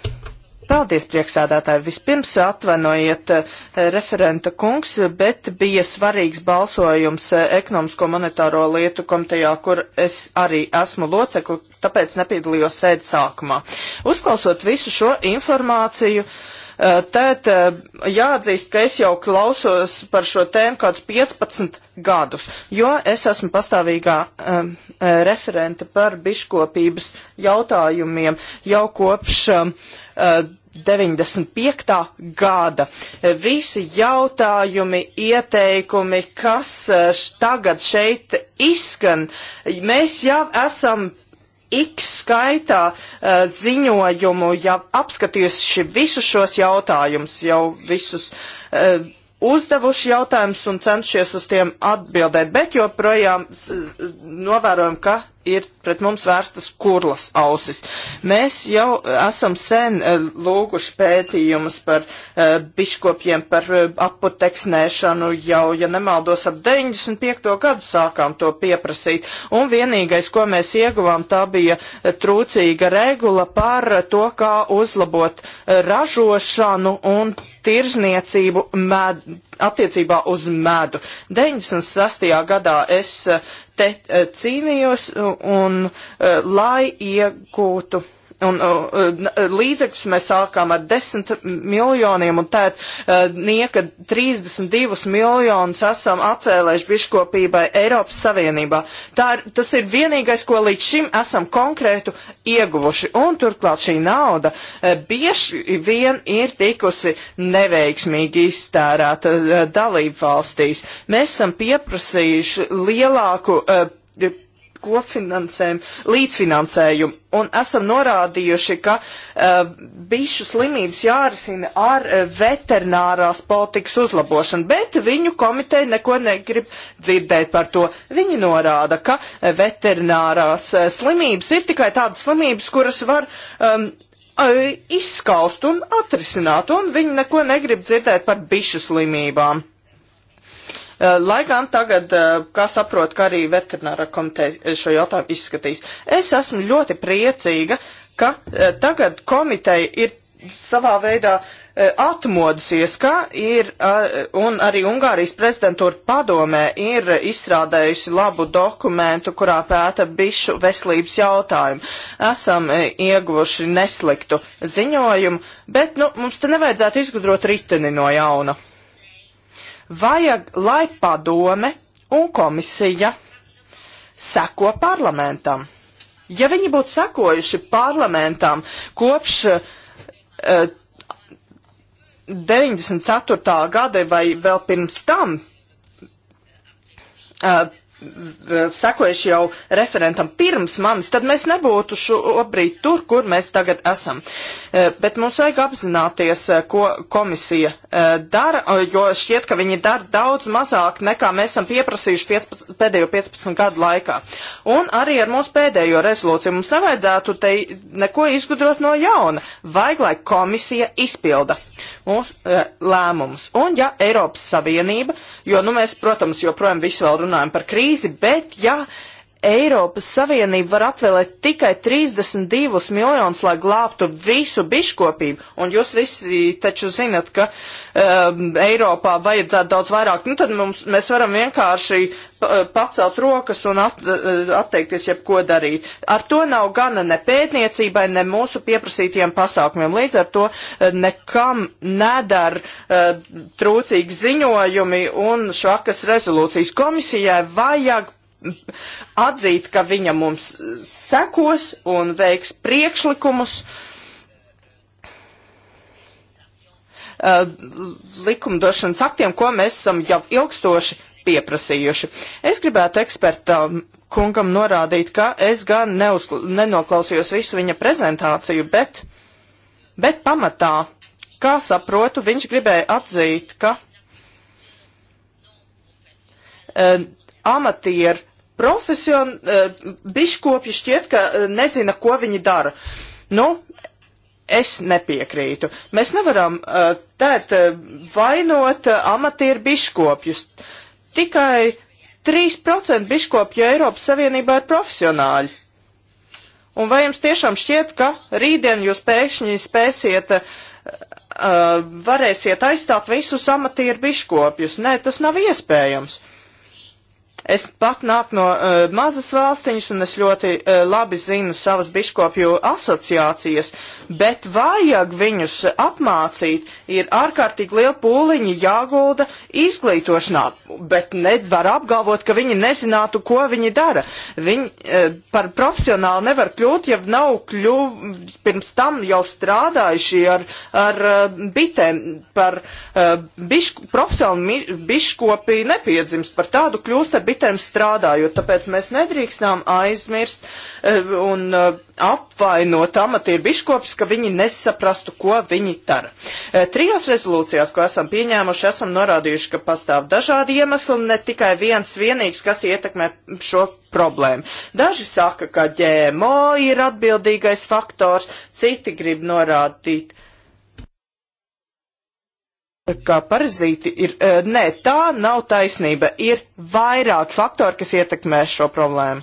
Paldies, prieksēdētāji. Vispirms atvainojiet eh, referenta kungs, bet bija svarīgs balsojums eh, ekonomisko monetāro lietu komitejā, kur es arī esmu locekli, tāpēc nepiedalījos sēdes sākumā. Uzklausot visu šo informāciju, uh, Eh, tad eh, jāatzīst, ka es jau klausos par šo tēmu kāds 15 gadus, jo es esmu pastāvīgā um, referente par biškopības jautājumiem jau kopš um, 95. gada. Visi jautājumi, ieteikumi, kas tagad šeit izskan, mēs jau esam x skaitā uh, ziņojumu, ja apskatījuši visus šos jautājumus, jau visus uh, uzdevuši jautājumus un cenšies uz tiem atbildēt, bet joprojām novērojam, ka ir pret mums vērstas kurlas ausis. Mēs jau eh, esam sen eh, lūguši pētījumus par uh, biškopiem, par uh, apoteksnēšanu, jau, ja nemaldos, ap 95. gadu sākām to pieprasīt, un vienīgais, ko mēs ieguvām, tā bija trūcīga regula par to, kā uzlabot ražošanu un tirzniecību med, attiecībā uz medu. 96. gadā es eh, te eh, cīnījos un, un eh, lai iegūtu Un uh, līdzekļus mēs sākām ar 10 miljoniem, un tēt uh, e, nieka 32 miljonus esam atvēlējuši biškopībai Eiropas Savienībā. Tā ir, tas ir vienīgais, ko līdz šim esam konkrētu ieguvuši, un turklāt šī nauda uh, bieži vien ir tikusi neveiksmīgi iztērēta dalību valstīs. Mēs esam pieprasījuši lielāku kopfinansējumu līdzfinansējumu. Un esam norādījuši, ka uh, bišu slimības jārisina ar uh, veterinārās politikas uzlabošanu, bet viņu komiteja neko negrib dzirdēt par to. Viņi norāda, ka uh, veterinārās uh, slimības ir tikai tādas slimības, kuras var um, izskaust un atrisināt, un viņi neko negrib dzirdēt par bišu slimībām. Eh, Lai gan tagad, eh, kā saprot, ka arī veterinārā komiteja šo jautājumu izskatīs. Es esmu ļoti priecīga, ka eh, tagad komiteja ir savā veidā atmodusies, ka ir, un arī Ungārijas prezidentūra padomē ir izstrādējusi labu dokumentu, kurā pēta bišu veselības jautājumu. Esam ieguvuši nesliktu ziņojumu, bet, nu, mums te nevajadzētu izgudrot riteni no jauna. Vajag, lai padome un komisija seko parlamentam. Ja viņi būtu sekojuši parlamentam kopš eh, 94. gada vai vēl pirms tam, eh, Eh, sekojuši jau referentam pirms manis, tad mēs nebūtu šobrīd tur, kur mēs tagad esam. Eh, bet mums vajag apzināties, eh, ko komisija dara, jo šķiet, ka viņi dara daudz mazāk nekā mēs esam pieprasījuši 15, pēdējo 15 gadu laikā. Un arī ar mūsu pēdējo rezolūciju mums nevajadzētu te neko izgudrot no jauna. Vajag, lai komisija izpilda mūsu e, eh, lēmumus. Un ja Eiropas Savienība, jo, nu, mēs, protams, joprojām visu vēl runājam par krīzi, bet ja Eiropas Savienība var atvēlēt tikai 32 miljonus, lai glābtu visu biškopību, un jūs visi taču zinat, ka um, Eiropā vajadzētu daudz vairāk, nu tad mums, mēs varam vienkārši pacelt rokas un at, uh, atteikties jebko darīt. Ar to nav gana ne pētniecībai, ne mūsu pieprasītiem pasākumiem. Līdz ar to uh, nekam nedara uh, trūcīgi ziņojumi un švakas rezolūcijas. Komisijai vajag [laughs] atzīt, ka viņa mums sekos un veiks priekšlikumus eh, likumdošanas aktiem, ko mēs esam jau ilgstoši pieprasījuši. Es gribētu ekspertam kungam norādīt, ka es gan neuzkla, nenoklausījos visu viņa prezentāciju, bet, bet pamatā, kā saprotu, viņš gribēja atzīt, ka eh, amatieru Profesion, eh, biškopi šķiet, ka eh, nezina, ko viņi dara. Nu, Es nepiekrītu. Mēs nevaram eh, tēt vainot amatieru biškopjus. Tikai 3% biškopju Eiropas Savienībā ir profesionāļi. Un vai jums tiešām šķiet, ka rītdien jūs pēkšņi spēsiet, varēsiet aizstāt visus amatieru biškopjus? Nē, tas nav iespējams. Es pat nāku no uh, mazas valstiņas un es ļoti uh, labi zinu savas biškopju asociācijas, bet vajag viņus apmācīt, ir ārkārtīgi liela pūliņa jāgulda izglītošanā, bet nevar apgalvot, ka viņi nezinātu, ko viņi dara. Viņi uh, par profesionāli nevar kļūt, ja nav kļu, pirms tam jau strādājuši ar, ar uh, bitēm, par uh, bišk, profesionāli biškopi nepiedzimst, par tādu kļūst ar bitēm bitēm strādājot, tāpēc mēs nedrīkstām aizmirst eh, un eh, apvainot amatieru biškopus, ka viņi nesaprastu, ko viņi dara. Eh, trijās rezolūcijās, ko esam pieņēmuši, esam norādījuši, ka pastāv dažādi iemesli un ne tikai viens vienīgs, kas ietekmē šo problēmu. Daži saka, ka ģēmo ir atbildīgais faktors, citi grib norādīt kā parazīti ir, e, nē, tā nav taisnība. Ir vairāk faktori, kas ietekmē šo problēmu.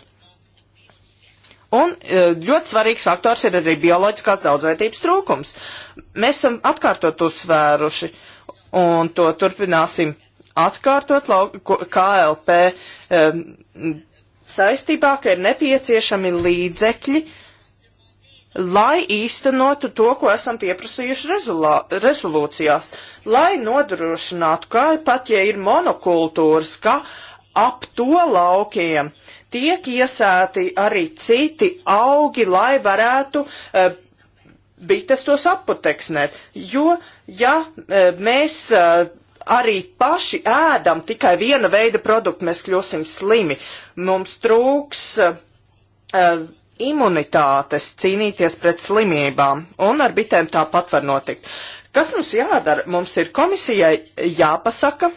Un e, ļoti svarīgs faktors ir arī bioloģiskās daudzveidības trūkums. Mēs esam atkārtot uzsvēruši un to turpināsim atkārtot KLP e, saistībā, ka ir nepieciešami līdzekļi lai īstenotu to, ko esam pieprasījuši rezolā, rezolūcijās, lai nodrošinātu, ka pat ja ir monokultūras, ka ap to laukiem tiek iesēti arī citi augi, lai varētu e, bites tos apputeksnēt. Jo, ja e, mēs e, arī paši ēdam tikai viena veida produktu, mēs kļūsim slimi. Mums trūks. E, imunitātes cīnīties pret slimībām, un ar bitēm tāpat var notikt. Kas mums jādara? Mums ir komisijai jāpasaka,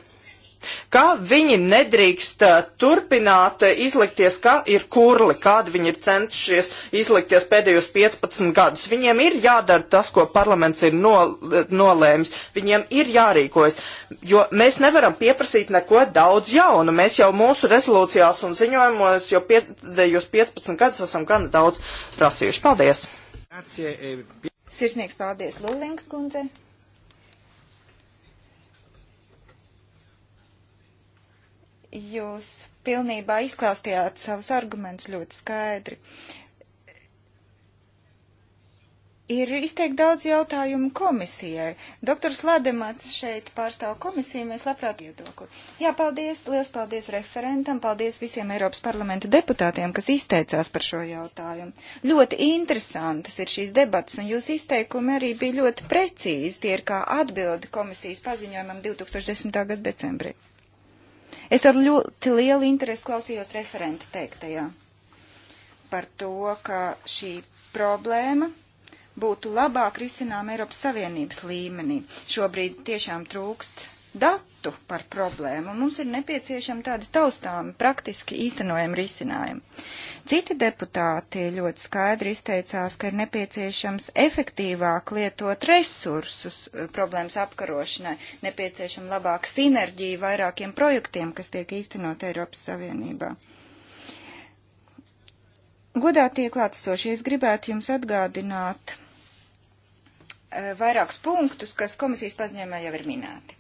ka viņi nedrīkst eh, turpināt eh, izlikties, ka ir kurli, kādi viņi ir centušies izlikties pēdējos 15 gadus. Viņiem ir jādara tas, ko parlaments ir nol, eh, nolēmis, viņiem ir jārīkojas, jo mēs nevaram pieprasīt neko daudz jaunu. Mēs jau mūsu rezolūcijās un ziņojumos jau pēdējos 15 gadus esam gana daudz prasījuši. Paldies! Sirsnieks paldies Lullings kundze! Jūs pilnībā izklāstījāt savus argumentus ļoti skaidri. Ir izteikti daudz jautājumu komisijai. Doktors Lademats šeit pārstāv komisiju, mēs labprāt iedokli. Jā, paldies, liels paldies referentam, paldies visiem Eiropas parlamenta deputātiem, kas izteicās par šo jautājumu. Ļoti interesantas ir šīs debatas, un jūs izteikumi arī bija ļoti precīzi, tie ir kā atbildi komisijas paziņojumam 2010. gada decembrī. Es ar ļoti lielu interesi klausījos referenta teiktajā par to, ka šī problēma būtu labāk risinām Eiropas Savienības līmenī. Šobrīd tiešām trūkst datu datu par problēmu. Mums ir nepieciešama tāda taustāma, praktiski īstenojama risinājuma. Citi deputāti ļoti skaidri izteicās, ka ir nepieciešams efektīvāk lietot resursus eh, problēmas apkarošanai, nepieciešama labāka sinerģija vairākiem projektiem, kas tiek īstenot Eiropas Savienībā. Godā tie klātesošie, es gribētu jums atgādināt eh, vairākus punktus, kas komisijas paziņojumā jau ir minēti.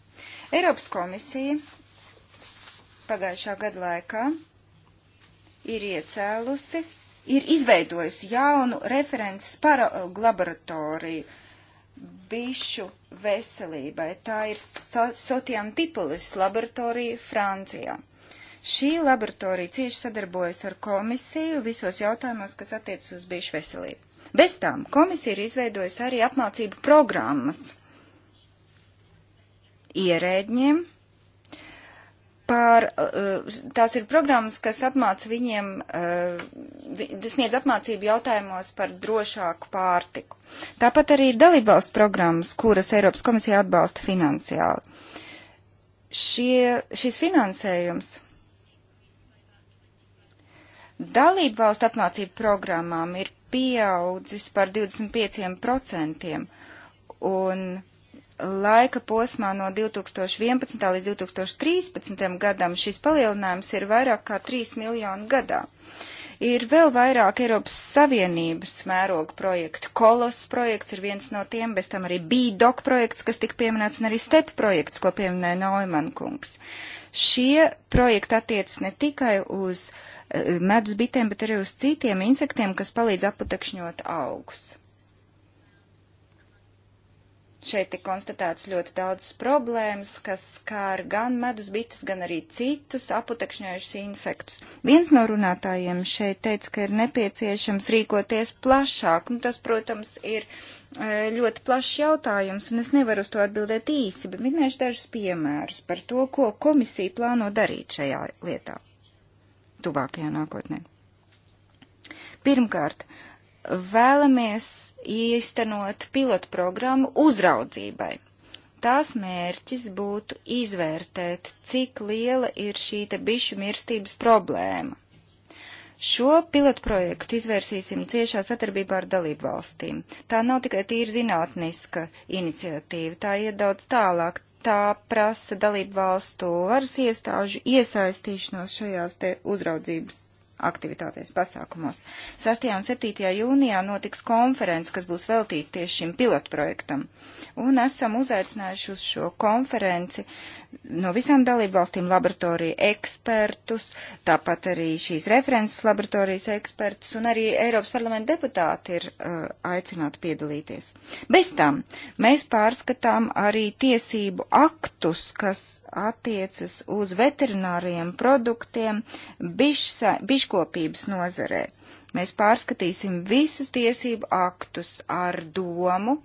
Eiropas komisija pagājušā gada laikā ir iecēlusi, ir izveidojusi jaunu references paraugu uh, laboratoriju bišu veselībai. Tā ir Sotiantipolis laboratorija Francijā. Šī laboratorija cieši sadarbojas ar komisiju visos jautājumos, kas attiecas uz bišu veselību. Bez tām komisija ir izveidojusi arī apmācību programmas ierēģiem. Pār, eh, tās ir programmas, kas apmāca viņiem, eh, sniedz apmācību jautājumos par drošāku pārtiku. Tāpat arī ir dalībvalstu programmas, kuras Eiropas komisija atbalsta finansiāli. Šie, šis finansējums dalību valstu apmācību programmām ir pieaudzis par 25%. Un laika posmā no 2011. līdz 2013. gadam šis palielinājums ir vairāk kā 3 miljonu gadā. Ir vēl vairāk Eiropas Savienības mēroga projektu. Kolos projekts ir viens no tiem, bez tam arī BDOC projekts, kas tika pieminēts, un arī STEP projekts, ko pieminēja Noiman kungs. Šie projekti attiec ne tikai uz eh, medus bitēm, bet arī uz citiem insektiem, kas palīdz aputekšņot augus. Šeit tik konstatēts ļoti daudz problēmas, kas skār gan medus bites, gan arī citus aputekšņojušus insektus. Viens no runātājiem šeit teica, ka ir nepieciešams rīkoties plašāk, un nu, tas, protams, ir e, ļoti plašs jautājums, un es nevaru uz to atbildēt īsi, bet minēšu dažus piemērus par to, ko komisija plāno darīt šajā lietā tuvākajā nākotnē. Pirmkārt, vēlamies īstenot pilotprogrammu uzraudzībai. Tās mērķis būtu izvērtēt, cik liela ir šī te bišu mirstības problēma. Šo pilotprojektu izvērsīsim ciešā sadarbībā ar dalību valstīm. Tā nav tikai tīri zinātniska iniciatīva, tā iet daudz tālāk. Tā prasa dalību valstu varas iestāžu iesaistīšanos šajās te uzraudzības aktivitātēs, pasākumos. 6. un 7. jūnijā notiks konference, kas būs veltīta tieši šim pilotprojektam. Un esam uzaicinājuši uz šo konferenci no visām dalībvalstīm laboratoriju ekspertus, tāpat arī šīs references laboratorijas ekspertus, un arī Eiropas parlamenta deputāti ir uh, aicināti piedalīties. Bez tam mēs pārskatām arī tiesību aktus, kas attiecas uz veterināriem produktiem bišsa, biškopības nozarē. Mēs pārskatīsim visus tiesību aktus ar domu,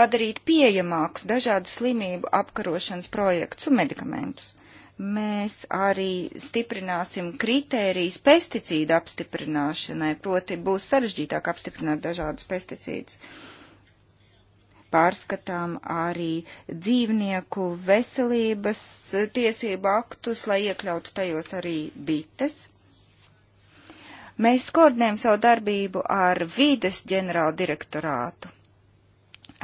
padarīt pieejamākus dažādu slimību apkarošanas projektus un medikamentus. Mēs arī stiprināsim kritērijas pesticīdu apstiprināšanai, proti būs sarežģītāk apstiprināt dažādus pesticīdus. Pārskatām arī dzīvnieku veselības tiesību aktus, lai iekļautu tajos arī bites. Mēs koordinējam savu darbību ar vides ģenerāldirektorātu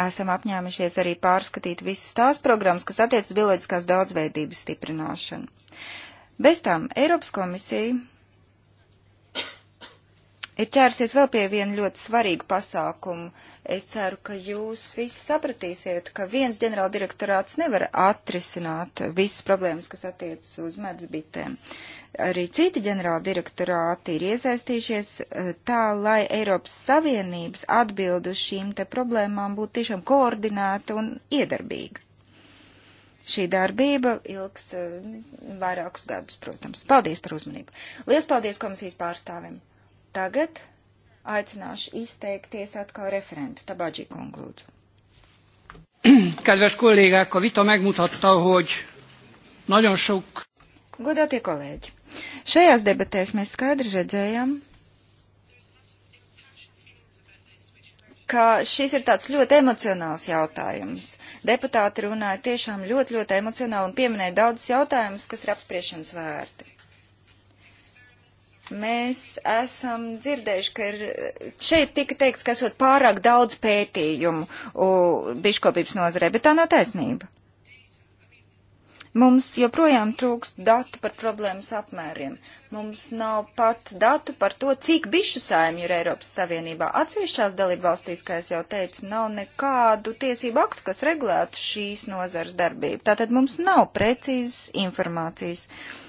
esam apņēmušies arī pārskatīt visas tās programmas, kas attiec uz bioloģiskās daudzveidības stiprināšanu. Bez tām Eiropas komisija ir ķērsies vēl pie viena ļoti svarīga pasākuma. Es ceru, ka jūs visi sapratīsiet, ka viens ģenerāldirektorāts nevar atrisināt visas problēmas, kas attiecas uz medus bitēm. Arī citi ģenerāldirektorāti ir iesaistījušies eh, tā, lai Eiropas Savienības atbildu šīm te problēmām būtu tiešām koordinēta un iedarbīga. Šī darbība ilgs eh, vairākus gadus, protams. Paldies par uzmanību. Lielas paldies komisijas pārstāvim! Tagad aicināšu izteikties atkal referentu Tabadži kungu lūdzu. [clears throat] Kedves kollégák, a vita megmutatta, hogy nagyon sok. Godātie kolēģi, šajās debatēs mēs skaidri redzējām, ka šis ir tāds ļoti emocionāls jautājums. Deputāti runāja tiešām ļoti, ļoti emocionāli un pieminēja daudzus jautājumus, kas ir apspriešanas vērti. Mēs esam dzirdējuši, ka ir, šeit tika teikts, ka esot pārāk daudz pētījumu u, biškopības nozarē, bet tā nav taisnība. Mums joprojām trūkst datu par problēmas apmēriem. Mums nav pat datu par to, cik bišu saimju ir Eiropas Savienībā. Atsevišķās dalību valstīs, kā es jau teicu, nav nekādu tiesību aktu, kas regulētu šīs nozars darbību. Tātad mums nav precīzas informācijas. Uh,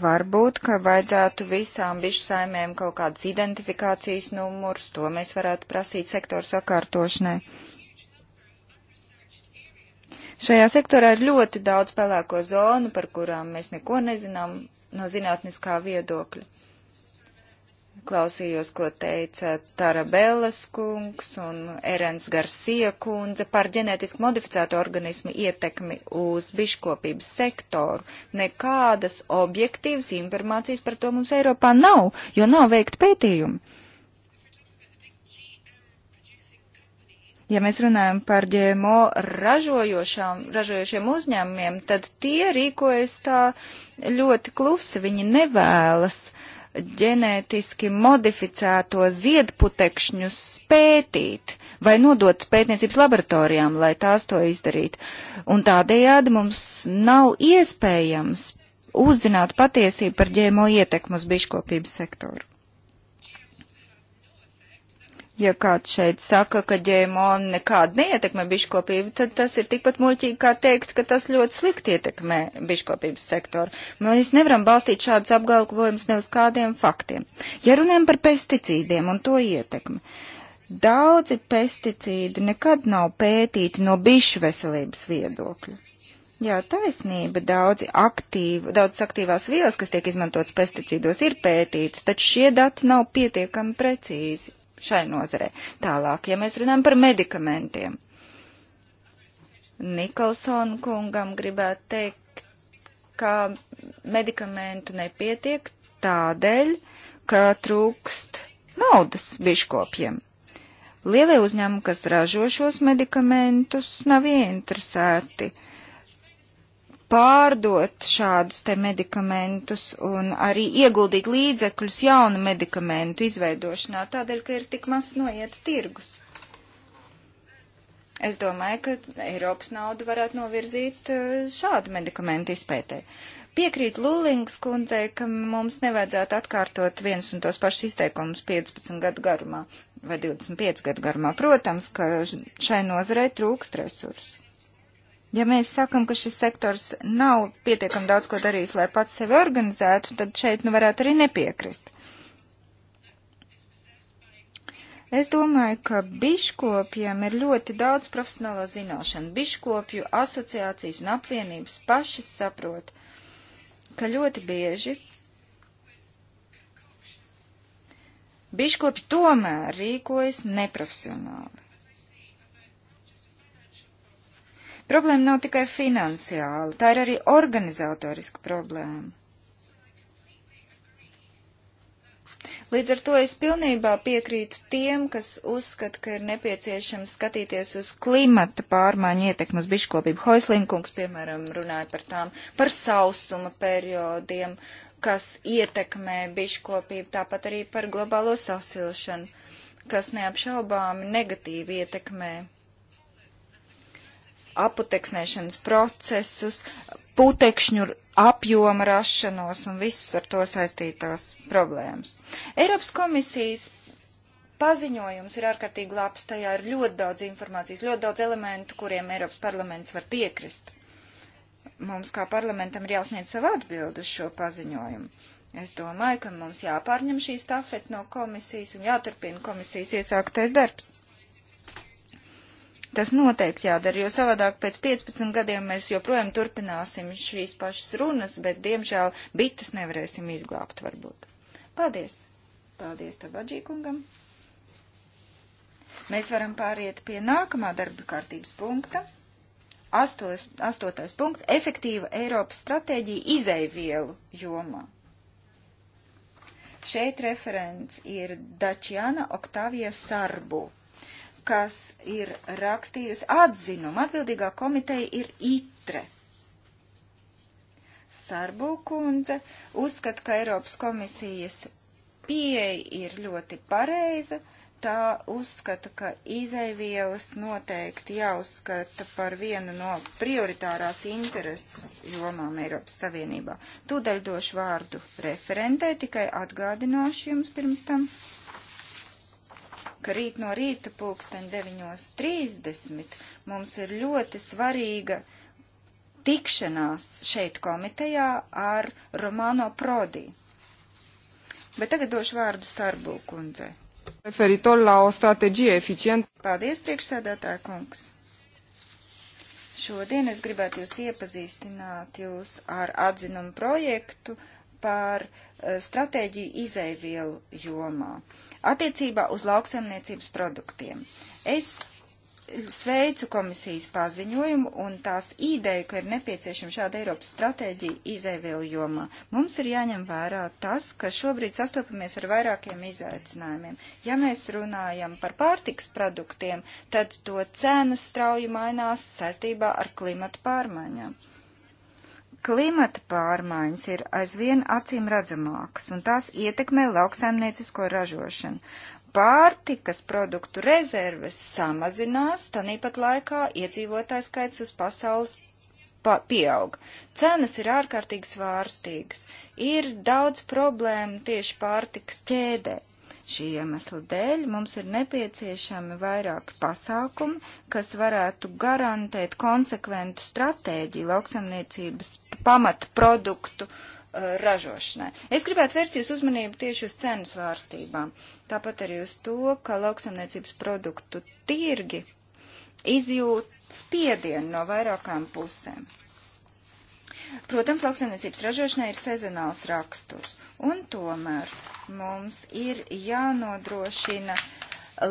Varbūt, ka vajadzētu visām bišu saimēm kaut kādas identifikācijas numurus, to mēs varētu prasīt sektoru sakārtošanai. Šajā sektorā ir ļoti daudz pelēko zonu, par kurām mēs neko nezinām no zinātniskā viedokļa. Klausījos, ko teica Tarabellas kungs un Erens Garcia kundze par ģenētiski modificēto organismu ietekmi uz biškopības sektoru. Nekādas objektīvas informācijas par to mums Eiropā nav, jo nav veikt pētījumi. Ja mēs runājam par ģēmo ražojošiem uzņēmumiem, tad tie rīkojas tā ļoti klusi, viņi nevēlas uh, ģenētiski modificēto ziedputekšņus pētīt vai nodot pētniecības laboratorijām, lai tās to izdarītu. Un tādējādi mums nav iespējams uzzināt patiesību par ģēmo ietekmu uz biškopības sektoru. Ja kāds šeit saka, ka ģēmo nekādu neietekmē biškopību, tad tas ir tikpat muļķīgi kā teikt, ka tas ļoti slikti ietekmē biškopības sektoru. Mēs nevaram balstīt šādus apgalvojumus ne uz kādiem faktiem. Ja runājam par pesticīdiem un to ietekmi, daudzi pesticīdi nekad nav pētīti no bišu veselības viedokļa. Jā, taisnība. Daudz aktīva, daudz aktīvās vielas, kas tiek izmantotas pesticīdos, ir pētītas, taču šie dati nav pietiekami precīzi šai nozarei. Tālāk, ja mēs runājam par medikamentiem, Nikolsona kungam gribētu teikt, ka medikamentu nepietiek tādēļ, ka trūkst naudas biškopiem. Lielie uzņēmumi, kas ražo šos medikamentus, nav ieinteresēti uh, pārdot šādus te medikamentus un arī ieguldīt līdzekļus jaunu medikamentu izveidošanā, tādēļ, ka ir tik maz noiet tirgus. Es domāju, ka Eiropas naudu varētu novirzīt eh, šādu medikamentu izpētē. Piekrīt Lulings kundzei, ka mums nevajadzētu atkārtot viens un tos pašus izteikumus 15 gadu garumā vai 25 gadu garumā. Protams, ka šai nozarei trūkst resursu Ja mēs sakam, ka šis sektors nav pietiekami daudz ko darījis, lai pats sevi organizētu, tad šeit nu varētu arī nepiekrist. Es domāju, ka biškopiem ir ļoti daudz profesionālā zināšana. Biškopju asociācijas un apvienības pašas saprot, ka ļoti bieži biškopi tomēr rīkojas neprofesionāli. Problēma nav tikai finansiāla, tā ir arī organizatoriska problēma. Līdz ar to es pilnībā piekrītu tiem, kas uzskata, ka ir nepieciešams skatīties uz klimata pārmaiņu ietekmu uz biškopību. Hoislinkungs, piemēram, runāja par tām, par sausuma periodiem, kas ietekmē biškopību, tāpat arī par globālo sasilšanu, kas neapšaubāmi negatīvi ietekmē aputeksnēšanas procesus, putekšņu apjoma rašanos un visus ar to saistītās problēmas. Eiropas komisijas paziņojums ir ārkārtīgi labs, tajā ir ļoti daudz informācijas, ļoti daudz elementu, kuriem Eiropas parlaments var piekrist. Mums kā parlamentam ir jāsniedz savu atbildu uz šo paziņojumu. Es domāju, ka mums jāpārņem šī stafeta no komisijas un jāturpina komisijas iesāktais darbs. Tas noteikti jādara, jo savādāk pēc 15 gadiem mēs joprojām turpināsim šīs pašas runas, bet diemžēl bites nevarēsim izglābt varbūt. Paldies! Paldies Tabadžīkungam! Mēs varam pāriet pie nākamā darba kārtības punkta. Astos, astotais punkts - efektīva Eiropas stratēģija izaivielu jomā. Šeit referents ir Dačiana Oktavija Sarbu kas ir rakstījusi atzinumu. Atbildīgā komiteja ir ITRE. Sarbu kundze uzskata, ka Eiropas komisijas pieeja ir ļoti pareiza. Tā uzskata, ka izaivielas noteikti jāuzskata par vienu no prioritārās intereses jomām Eiropas Savienībā. Tūdaļ došu vārdu referentē, tikai atgādināšu jums pirms tam. Uh, ka rīt no rīta pulksten 9.30 mums ir ļoti svarīga tikšanās šeit komitejā ar Romano Prodi. Bet tagad došu vārdu Sarbu kundzei. Referitor la o strategie eficientă. Paldies, priekšsēdētāja kungs. Šodien es gribētu jūs iepazīstināt jūs ar atzinumu projektu par eh, stratēģiju izēvielu jomā attiecībā uz lauksaimniecības produktiem. Es sveicu komisijas paziņojumu un tās ideju, ka ir nepieciešama šāda Eiropas stratēģija izēvielu jomā. Mums ir jāņem vērā tas, ka šobrīd sastopamies ar vairākiem izaicinājumiem. Ja mēs runājam par pārtiks produktiem, tad to cenas strauji mainās saistībā ar klimatu pārmaiņām. Klimata pārmaiņas ir aizvien acīm redzamākas, un tās ietekmē lauksaimniecisko ražošanu. Pārtikas produktu rezerves samazinās, tanīpat laikā iedzīvotājs skaits uz pasaules pa pieaug. Cenas ir ārkārtīgi svārstīgas, ir daudz problēmu tieši pārtikas ķēdē. Šī iemesla dēļ mums ir nepieciešami vairāki pasākumi, kas varētu garantēt konsekventu stratēģiju lauksamniecības pamatproduktu uh, ražošanai. Es gribētu vērst jūs uzmanību tieši uz cenu svārstībām, tāpat arī uz to, ka lauksamniecības produktu tirgi izjūt spiedienu no vairākām pusēm. Protams, lauksaimniecības ražošanai ir sezonāls raksturs, un tomēr mums ir jānodrošina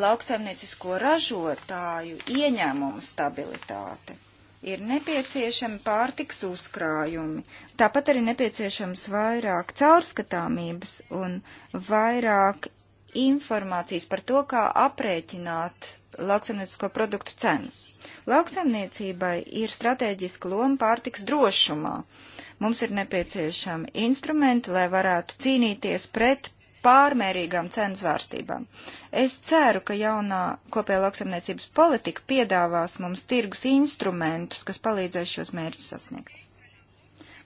lauksaimniecisko ražotāju ieņēmumu stabilitāte ir nepieciešami pārtiks uzkrājumi. Tāpat arī nepieciešams vairāk caurskatāmības un vairāk informācijas par to, kā aprēķināt lauksaimniecisko produktu cenas. Lauksaimniecībai ir strateģiska loma pārtiks drošumā. Mums ir nepieciešami instrumenti, lai varētu cīnīties pret pārmērīgām cenu zvārstībām. Es ceru, ka jaunā kopējā lauksaimniecības politika piedāvās mums tirgus instrumentus, kas palīdzēs šos mērķus sasniegt.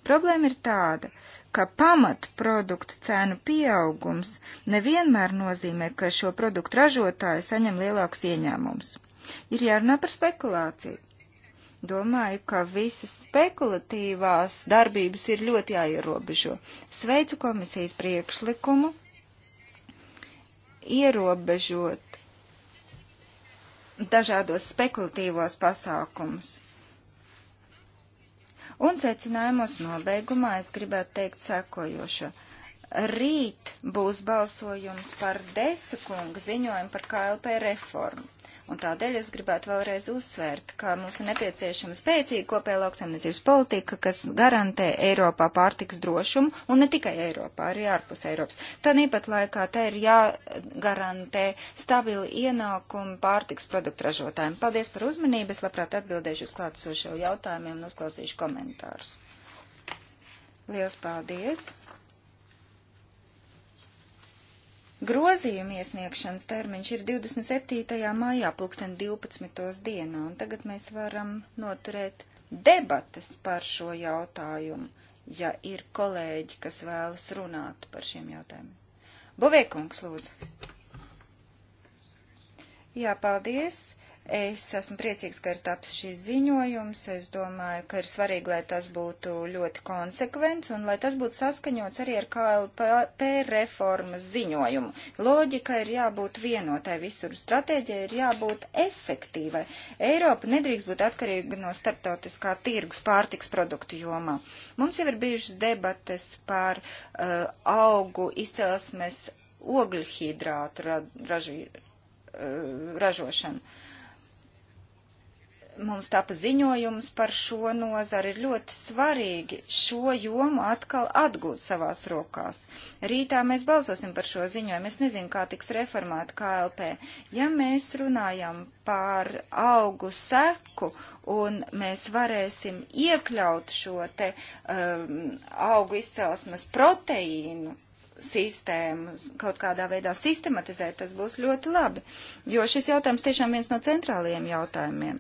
Problēma ir tāda, ka pamatproduktu cēnu pieaugums nevienmēr nozīmē, ka šo produktu ražotāji saņem lielākus ieņēmumus. Ir jārunā par spekulāciju. Domāju, ka visas spekulatīvās darbības ir ļoti jāierobežo. Sveicu komisijas priekšlikumu ierobežot dažādos spekulatīvos pasākumus. Un secinājumos nobeigumā es gribētu teikt sekojošo. Rīt būs balsojums par Desa kunga ziņojumu par KLP reformu. Un tādēļ es gribētu vēlreiz uzsvērt, ka mums ir nepieciešama spēcīga kopēja lauksaimniecības politika, kas garantē Eiropā pārtiks drošumu, un ne tikai Eiropā, arī ārpus Eiropas. Tāpat laikā te ir jāgarantē stabili ienākumi pārtiks produktu ražotājiem. Paldies par uzmanību, es labprāt atbildēšu uz klātsošo jautājumiem un uzklausīšu komentārus. Liels paldies! Grozījuma iesniegšanas termiņš ir 27. maijā, pulksten 12. dienā, un tagad mēs varam noturēt debatas par šo jautājumu, ja ir kolēģi, kas vēlas runāt par šiem jautājumiem. Bovēkungs, lūdzu. Jā, paldies. Es esmu priecīgs, ka ir taps šis ziņojums. Es domāju, ka ir svarīgi, lai tas būtu ļoti konsekvents un lai tas būtu saskaņots arī ar KLP reformas ziņojumu. Loģika ir jābūt vienotai visur, stratēģija ir jābūt efektīvai. Eiropa nedrīkst būt atkarīga no starptautiskā tirgus pārtiks produktu jomā. Mums jau ir bijušas debates par uh, augu izcelsmes ogļu hidrātu ra raži, uh, ražošanu. Uh, mums tapa ziņojums par šo nozari, ir ļoti svarīgi šo jomu atkal atgūt savās rokās. Rītā mēs balsosim par šo ziņojumu. Es nezinu, kā tiks reformēta KLP. Ja mēs runājam par augu seku un mēs varēsim iekļaut šo te um, augu izcelsmes proteīnu sistēmu kaut kādā veidā sistematizēt, tas būs ļoti labi, jo šis jautājums tiešām viens no centrālajiem jautājumiem.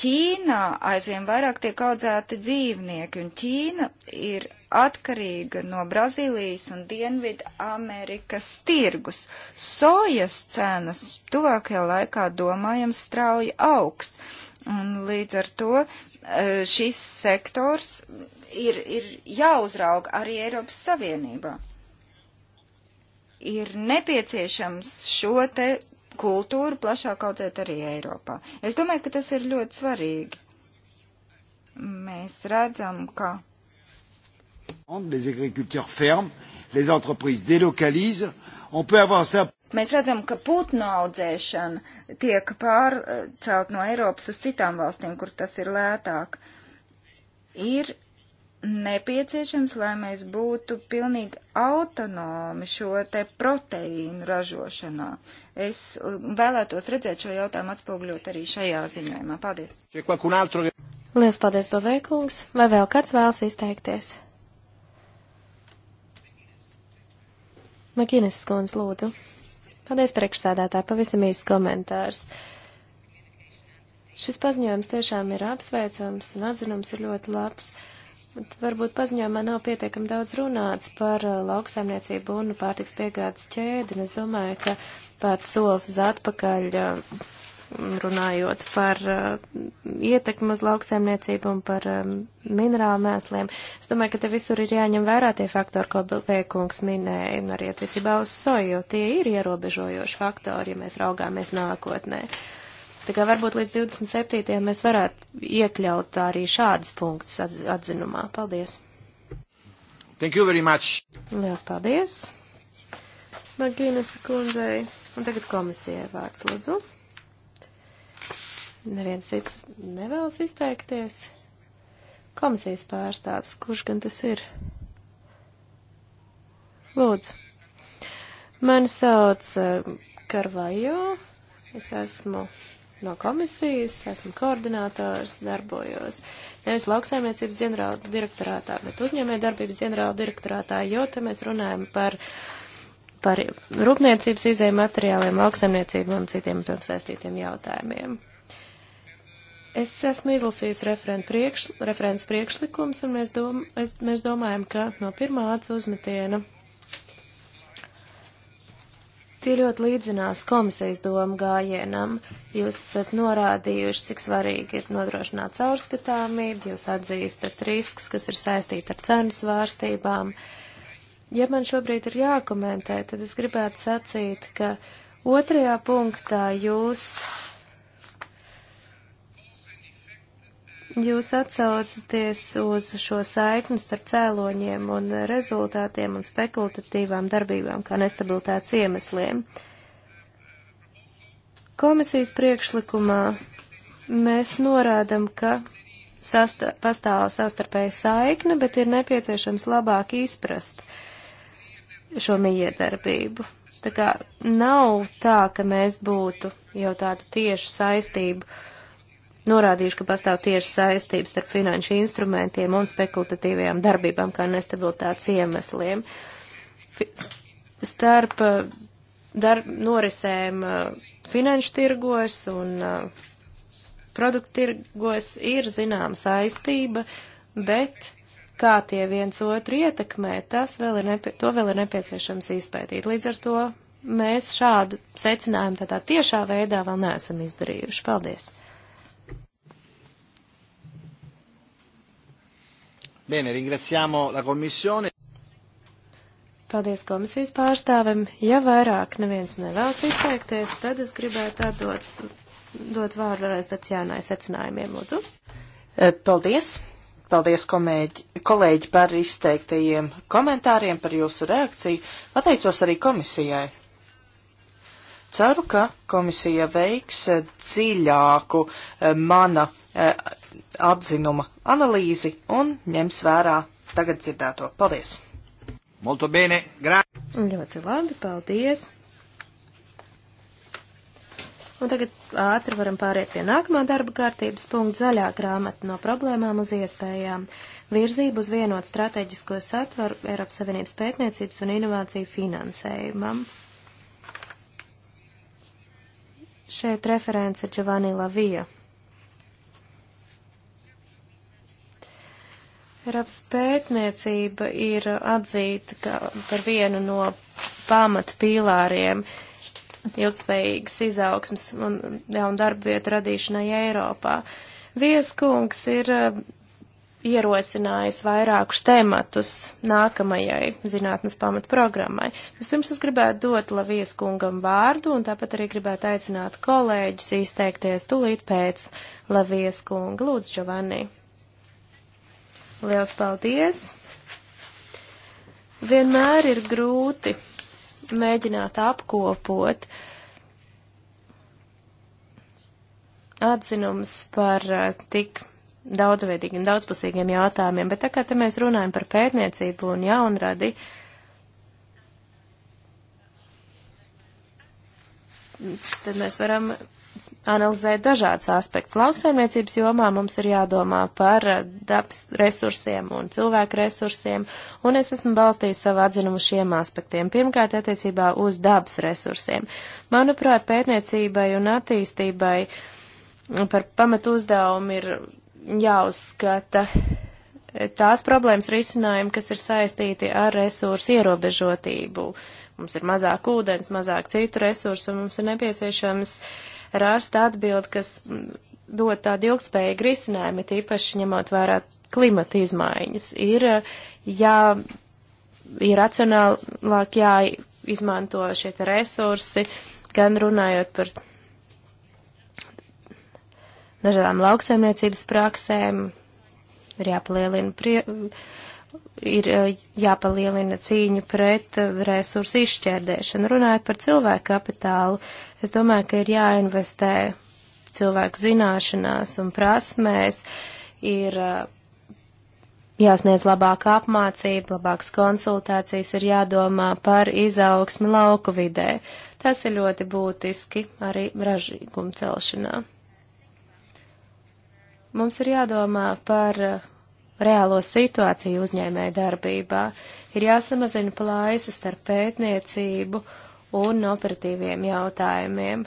Ķīnā aizvien vairāk tiek audzēti dzīvnieki, un Ķīna ir atkarīga no Brazīlijas un Dienvidu Amerikas tirgus. Sojas cenas tuvākajā laikā, domājams, strauji augs, un līdz ar to e, šis sektors ir, ir jāuzrauga arī Eiropas Savienībā ir nepieciešams šo te kultūru plašāk audzēt arī Eiropā. Es domāju, ka tas ir ļoti svarīgi. Mēs redzam, ka. Les agriculteurs ferment, les entreprises délocalisent, on peut avoir ça. Mēs redzam, ka putnu audzēšana tiek pārcelt no Eiropas uz citām valstīm, kur tas ir lētāk. Ir nepieciešams, lai mēs būtu pilnīgi autonomi šo te proteīnu ražošanā. Es um, vēlētos redzēt šo jautājumu atspoguļot arī šajā ziņojumā. Paldies! Lielas paldies, Bavēkungs! Vai vēl kāds vēlas izteikties? Makinis skundz, lūdzu. Paldies, priekšsēdētāji, pavisam īsts komentārs. Šis paziņojums tiešām ir apsveicams un atzinums ir ļoti labs. Uh, Bet varbūt paziņojumā nav pietiekami daudz runāts par uh, lauksaimniecību un pārtiks piegādes ķēdi, un es domāju, ka pat solis uz atpakaļ uh, runājot par uh, ietekmu uz lauksaimniecību un par um, minerālu mēsliem. Es domāju, ka te visur ir jāņem vērā tie faktori, ko Bēkungs minēja, un arī attiecībā uz soju, jo tie ir ierobežojoši faktori, ja mēs raugāmies nākotnē. Uh, Tā kā varbūt līdz 27. mēs varētu iekļaut arī šādas punktus atzinumā. Paldies! Thank you very much! Lielas paldies! Magīnas kundzei. Un tagad komisijai vārds lūdzu. Neviens cits nevēlas izteikties. Komisijas pārstāvs, kurš gan tas ir? Lūdzu. Mani sauc eh, Karvajo. Es esmu no komisijas, esmu koordinators, darbojos nevis lauksaimniecības ģenerāla direktorātā, bet uzņēmē darbības ģenerāla direktorātā, jo te mēs runājam par, par rūpniecības izējiem materiāliem, lauksaimniecību un citiem, protams, saistītiem jautājumiem. Es esmu izlasījis referents priekš, referent priekšlikums, un mēs, dom, es, mēs domājam, ka no pirmā acu uzmetiena Tie ļoti līdzinās komisijas domu gājienam. Jūs esat norādījuši, cik svarīgi ir nodrošināt caurskatāmību, jūs atzīstat risks, kas ir saistīti ar cenu svārstībām. Ja man šobrīd ir jākomentē, tad es gribētu sacīt, ka otrajā punktā jūs Jūs atsaucaties uz šo saikni starp cēloņiem un rezultātiem un spekulatīvām darbībām kā nestabilitātes iemesliem. Komisijas priekšlikumā mēs norādam, ka sasta, pastāv savstarpēja saikne, bet ir nepieciešams labāk izprast šo mijiedarbību. Tā kā nav tā, ka mēs būtu jau tādu tiešu saistību norādījuši, ka pastāv tieši saistības starp finanšu instrumentiem un spekulatīvajām darbībām kā nestabilitātes iemesliem. Starp eh, darb, norisēm eh, finanšu tirgos un eh, produktu tirgos ir zinām saistība, bet kā tie viens otru ietekmē, tas vēl ir, nepie, to vēl ir nepieciešams izpētīt. Līdz ar to mēs šādu secinājumu tādā tiešā veidā vēl neesam izdarījuši. Paldies! Bene, ringraziamo la Commissione. Paldies komisijas pārstāvim. Ja vairāk neviens nevēlas izteikties, tad es gribētu atdot, dot vārdu vēlreiz Tatjānai secinājumiem, lūdzu. E, paldies! Paldies, komēģi, kolēģi, par izteiktajiem komentāriem, par jūsu reakciju. Pateicos arī komisijai. Ceru, ka komisija veiks e, dziļāku e, mana atzinuma analīzi un ņems vērā tagad dzirdēto. Paldies! Molto bene, gra. Ļoti labi, paldies! Un tagad ātri varam pāriet pie nākamā darba kārtības punkta zaļā grāmata no problēmām uz iespējām. Virzību uz vienotu strateģisko satvaru Eiropas Savienības pētniecības un inovāciju finansējumam. Šeit referents ir Giovanni Lavija. Eiropas pētniecība ir atzīta par vienu no pamatpīlāriem ilgspējīgas izaugsmas un jaunu darba vietu radīšanai Eiropā. Vieskungs ir eh, ierosinājis vairākus tematus nākamajai zinātnes pamatprogrammai. Vispirms es gribētu dot Lavijas kungam vārdu un tāpat arī gribētu aicināt kolēģus izteikties tulīt pēc Lavijas kunga. Lūdzu, Giovanni. Liels paldies! Vienmēr ir grūti mēģināt apkopot atzinums par eh, tik daudzveidīgiem, daudzpusīgiem jautājumiem, bet tā kā te mēs runājam par pētniecību un jaunradi, tad mēs varam analizēt dažādas aspekts. Lauksaimniecības jomā mums ir jādomā par eh, dabas resursiem un cilvēku resursiem, un es esmu balstījis savu atzinumu šiem aspektiem. Pirmkārt, attiecībā uz dabas resursiem. Manuprāt, pētniecībai un attīstībai par pamatu uzdevumu ir jāuzskata tās problēmas risinājumi, kas ir saistīti ar resursu ierobežotību. Mums ir mazāk ūdens, mazāk citu resursu, un mums ir nepieciešams uh, rast atbildi, kas mm, dod tādu ilgspējīgu risinājumu, tīpaši ņemot vērā klimata izmaiņas. Ir, eh, jā, ir racionālāk jāizmanto šie resursi, gan runājot par dažādām lauksaimniecības praksēm, ir jāpalielina prie, ir eh, jāpalielina cīņa pret eh, resursu izšķērdēšanu. Runājot par cilvēku kapitālu, es domāju, ka ir jāinvestē cilvēku zināšanās un prasmēs, ir eh, jāsniedz labāka apmācība, labākas konsultācijas, ir jādomā par izaugsmi lauku vidē. Tas ir ļoti būtiski arī ražīguma celšanā. Mums ir jādomā par reālo situāciju uzņēmēja darbībā. Ir jāsamazina plājas starp pētniecību un operatīviem jautājumiem.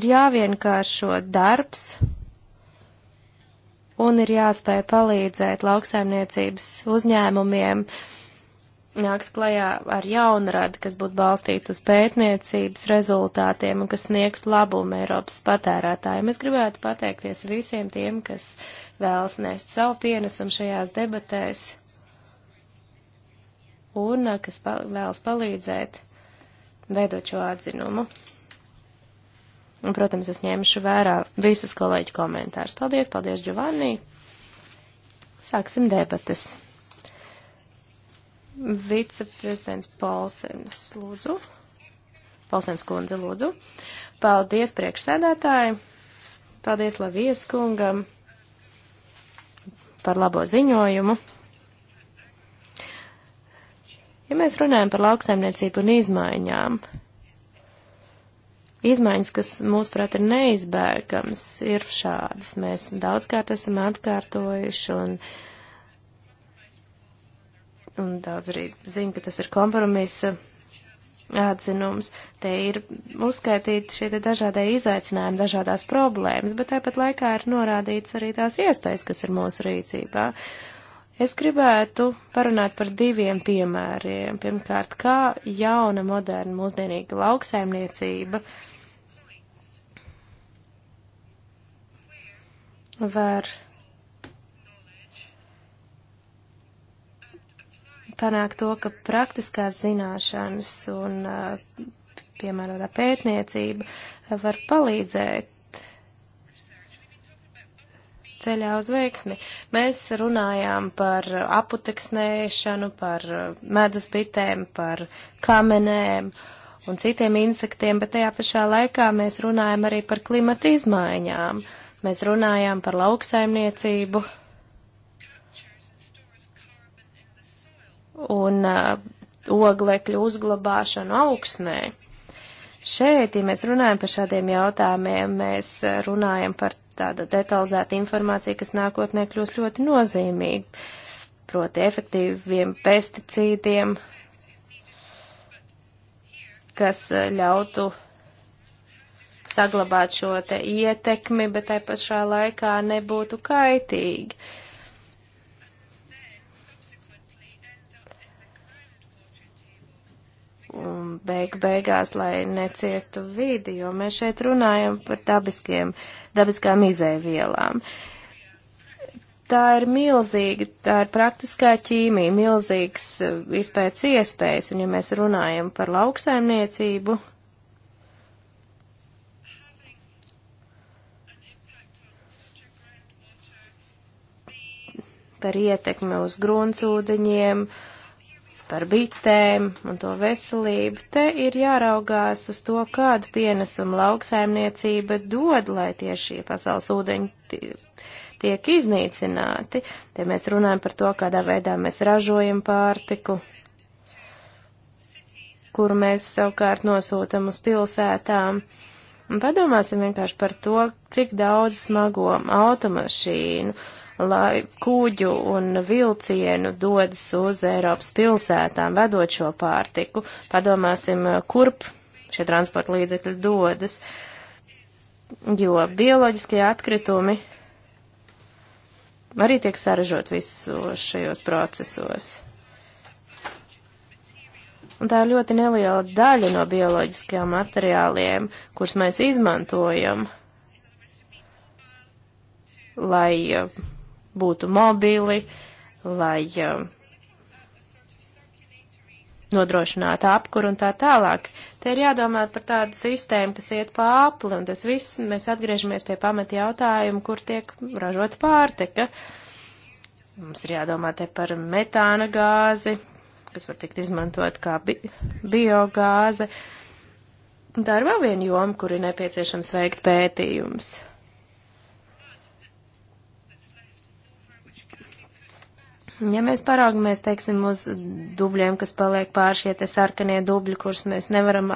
Ir jāvienkāršo darbs un ir jāspēj palīdzēt lauksaimniecības uzņēmumiem uh, nākt klajā ar jaunradi, kas būtu balstīta uz pētniecības rezultātiem un kas sniegtu labumu Eiropas patērētājiem. Es gribētu pateikties visiem tiem, kas vēlas nest savu pienesumu šajās debatēs un kas pa vēlas palīdzēt veidot šo atzinumu. Un, protams, es ņemšu vērā visus kolēģu komentārus. Paldies, paldies, Giovanni! Sāksim debatas. Viceprezidents Polsens, lūdzu. Polsens kundze, lūdzu. Paldies priekšsēdētāji. Paldies Lavijas kungam par labo ziņojumu. Ja mēs runājam par lauksaimniecību un izmaiņām, izmaiņas, kas mūsuprāt ir neizbēgams, ir šādas. Mēs daudzkārt esam atkārtojuši un. Uh, un daudz arī zina, ka tas ir kompromisa atzinums. Te ir uzskaitīti šie te dažādie izaicinājumi, dažādās problēmas, bet tāpat laikā ir norādīts arī tās iespējas, kas ir mūsu rīcībā. Es gribētu parunāt par diviem piemēriem. Pirmkārt, kā jauna, moderna, mūsdienīga lauksaimniecība var panākt to, ka praktiskās zināšanas un uh, piemērotā pētniecība uh, var palīdzēt ceļā uz veiksmi. Mēs runājām par aputeksnēšanu, par uh, medus bitēm, par kamenēm un citiem insektiem, bet tajā pašā laikā mēs runājam arī par klimata izmaiņām. Mēs runājām par lauksaimniecību, un uh, oglekļu uzglabāšanu augsnē. Šeit, ja mēs runājam par šādiem jautājumiem, mēs uh, runājam par tādu detalizētu informāciju, kas nākotnē kļūs ļoti nozīmīga, proti efektīviem pesticīdiem, kas uh, ļautu saglabāt šo te ietekmi, bet tai pašā laikā nebūtu kaitīgi. Uh, Um, beigu beigās, lai neciestu vidi, jo mēs šeit runājam par dabiskiem, dabiskām izēvielām. Tā ir milzīga, tā ir praktiskā ķīmija, milzīgs uh, izpētes iespējas, un ja mēs runājam par lauksaimniecību, par ietekmi uz gruntsūdeņiem, uh, par bitēm un to veselību, te ir jāraugās uz to, kādu pienesumu lauksaimniecība dod, lai tieši pasaules ūdeņi tiek iznīcināti. Te mēs runājam par to, kādā veidā mēs ražojam pārtiku, kuru mēs savukārt nosūtam uz pilsētām. Un padomāsim vienkārši par to, cik daudz smago automašīnu lai kuģu un vilcienu dodas uz Eiropas pilsētām, vedot šo pārtiku. Padomāsim, eh, kurp šie transporta līdzekļi dodas, jo bioloģiskie atkritumi arī tiek saražot visos šajos procesos. Un tā ir ļoti neliela daļa no bioloģiskajiem materiāliem, kurus mēs izmantojam, lai eh, būtu mobili, lai eh, nodrošinātu apkuru un tā tālāk. Te ir jādomā par tādu sistēmu, kas iet pa apli, un tas viss mēs atgriežamies pie pamata jautājumu, kur tiek ražota pārtika. Mums ir jādomā te par metāna gāzi, kas var tikt izmantot kā bi biogāze. Tā ir vēl viena joma, kur ir nepieciešams veikt pētījumus. Ja mēs paraugamies, teiksim, uz dubļiem, kas paliek pār šie te sarkanie dubļi, kurus mēs nevaram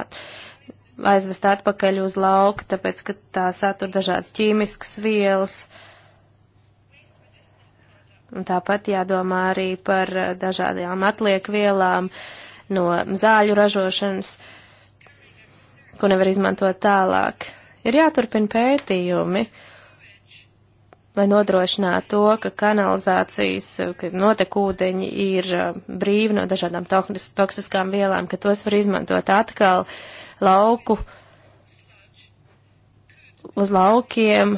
aizvest atpakaļ uz lauku, tāpēc, ka tā satur dažādas ķīmiskas vielas. Un tāpat jādomā arī par eh, dažādajām atliekvielām no zāļu ražošanas, ko nevar izmantot tālāk. Ir jāturpina pētījumi. Uh, lai nodrošinātu to, ka kanalizācijas, ka notekūdeņi ir uh, brīvi no dažādām toksiskām vielām, ka tos var izmantot atkal lauku, uz laukiem,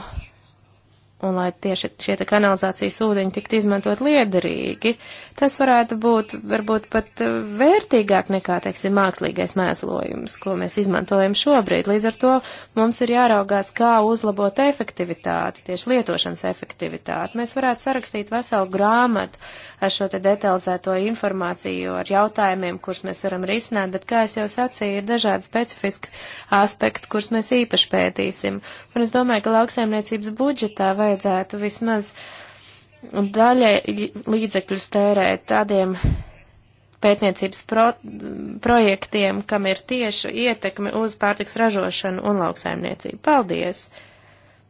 un lai tieši šie te kanalizācijas ūdeņi tiktu izmantot liederīgi, tas varētu būt varbūt pat eh, vērtīgāk nekā, teiksim, mākslīgais mēslojums, ko mēs izmantojam šobrīd. Līdz ar to mums ir jāraugās, kā uzlabot efektivitāti, tieši lietošanas efektivitāti. Mēs varētu sarakstīt veselu grāmatu ar šo te detalizēto informāciju, ar jautājumiem, kurus mēs varam risināt, bet, kā es jau sacīju, ir dažādi specifiski aspekti, kurus mēs īpaši pētīsim. Un es domāju, ka lauksaimniecības budžetā vai vajadzētu vismaz daļai līdzekļus tērēt tādiem pētniecības pro projektiem, kam ir tieša ietekme uz pārtiks ražošanu un lauksaimniecību. Paldies!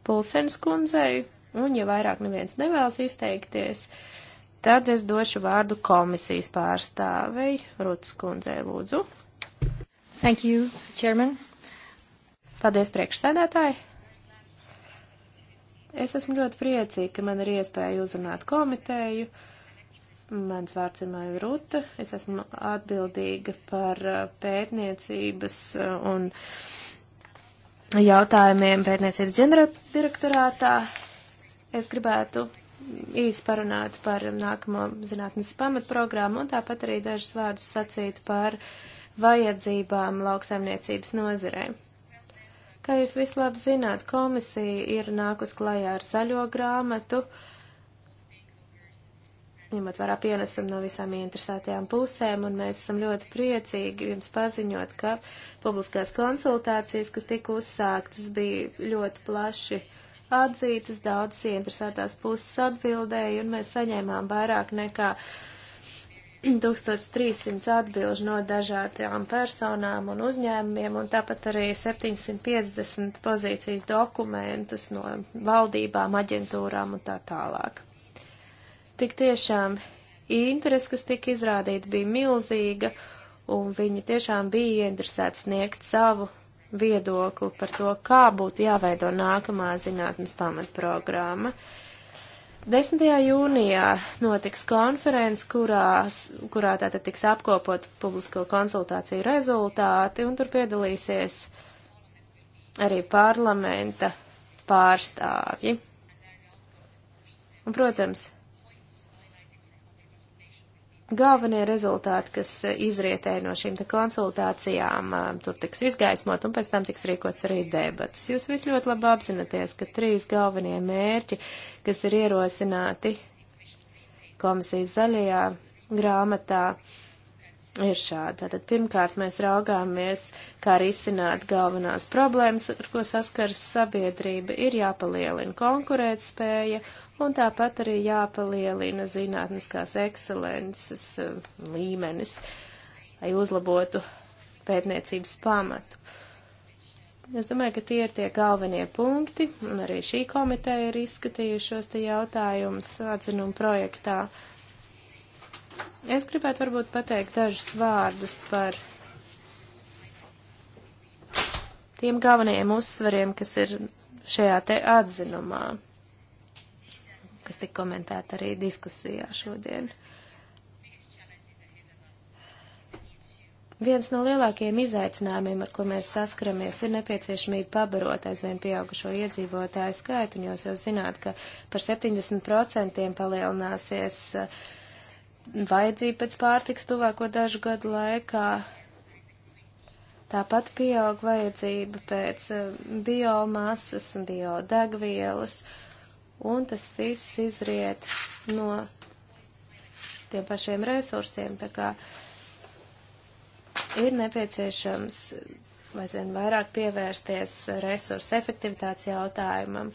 Pulsens kundzei, un ja vairāk neviens nevēlas izteikties, tad es došu vārdu komisijas pārstāvei Rutas kundzei, lūdzu. Thank you, Chairman. Paldies, priekšsēdētāji! Es esmu ļoti priecīga, ka man ir iespēja uzrunāt komiteju. Mans vārds ir Maija Ruta. Es esmu atbildīga par uh, pētniecības uh, un jautājumiem pētniecības ģenerāldirektorātā. Es gribētu īsi parunāt par nākamo zinātnes pamatprogrammu un tāpat arī dažus vārdus sacīt par vajadzībām lauksaimniecības nozirei. Kā jūs vislab zināt, komisija ir nākus klajā ar zaļo grāmatu, ņemot vērā pienesumu no visām interesētajām pusēm, un mēs esam ļoti priecīgi jums paziņot, ka publiskās konsultācijas, kas tika uzsāktas, bija ļoti plaši atzītas, daudzas interesētās puses atbildēja, un mēs saņēmām vairāk nekā uh, 1300 atbilžu no dažādām personām un uzņēmumiem, un tāpat arī 750 pozīcijas dokumentus no valdībām, aģentūrām un tā tālāk. Tik tiešām interesi, kas tika izrādīta, bija milzīga, un viņi tiešām bija ieinteresēti sniegt savu viedokli par to, kā būtu jāveido nākamā zinātnes pamatprogramma. programma 10. jūnijā notiks konferences, kurās, kurā tātad tiks apkopot publisko konsultāciju rezultāti, un tur piedalīsies arī parlamenta pārstāvji. Un, protams, galvenie rezultāti, kas eh, izrietēja no šīm konsultācijām, eh, tur tiks izgaismot un pēc tam tiks rīkots arī debatas. Jūs visi ļoti labi apzināties, ka trīs galvenie mērķi, kas ir ierosināti komisijas zaļajā grāmatā, ir šādi. Tātad pirmkārt mēs raugāmies, kā risināt galvenās problēmas, ar ko saskaras sabiedrība, ir jāpalielina konkurētspēja un tāpat arī jāpalielina zinātniskās ekscelences eh, līmenis, lai uzlabotu pētniecības pamatu. Es domāju, ka tie ir tie galvenie punkti, un arī šī komiteja ir izskatījušos te jautājumus atzinuma projektā. Es gribētu varbūt pateikt dažus vārdus par tiem galvenajiem uzsvariem, kas ir šajā te atzinumā kas tika komentēta arī diskusijā šodien. Viens no lielākajiem izaicinājumiem, ar ko mēs saskaramies, ir nepieciešamība pabarot aizvien pieaugušo iedzīvotāju skaitu, un jūs jau zināt, ka par 70% palielināsies uh, vajadzība pēc pārtiks tuvāko dažu gadu laikā. Tāpat pieaug vajadzība pēc uh, biomasas un biodegvielas. Uh, un tas viss izriet no tiem pašiem resursiem, tā kā ir nepieciešams aizvien vairāk pievērsties resursu efektivitātes jautājumam.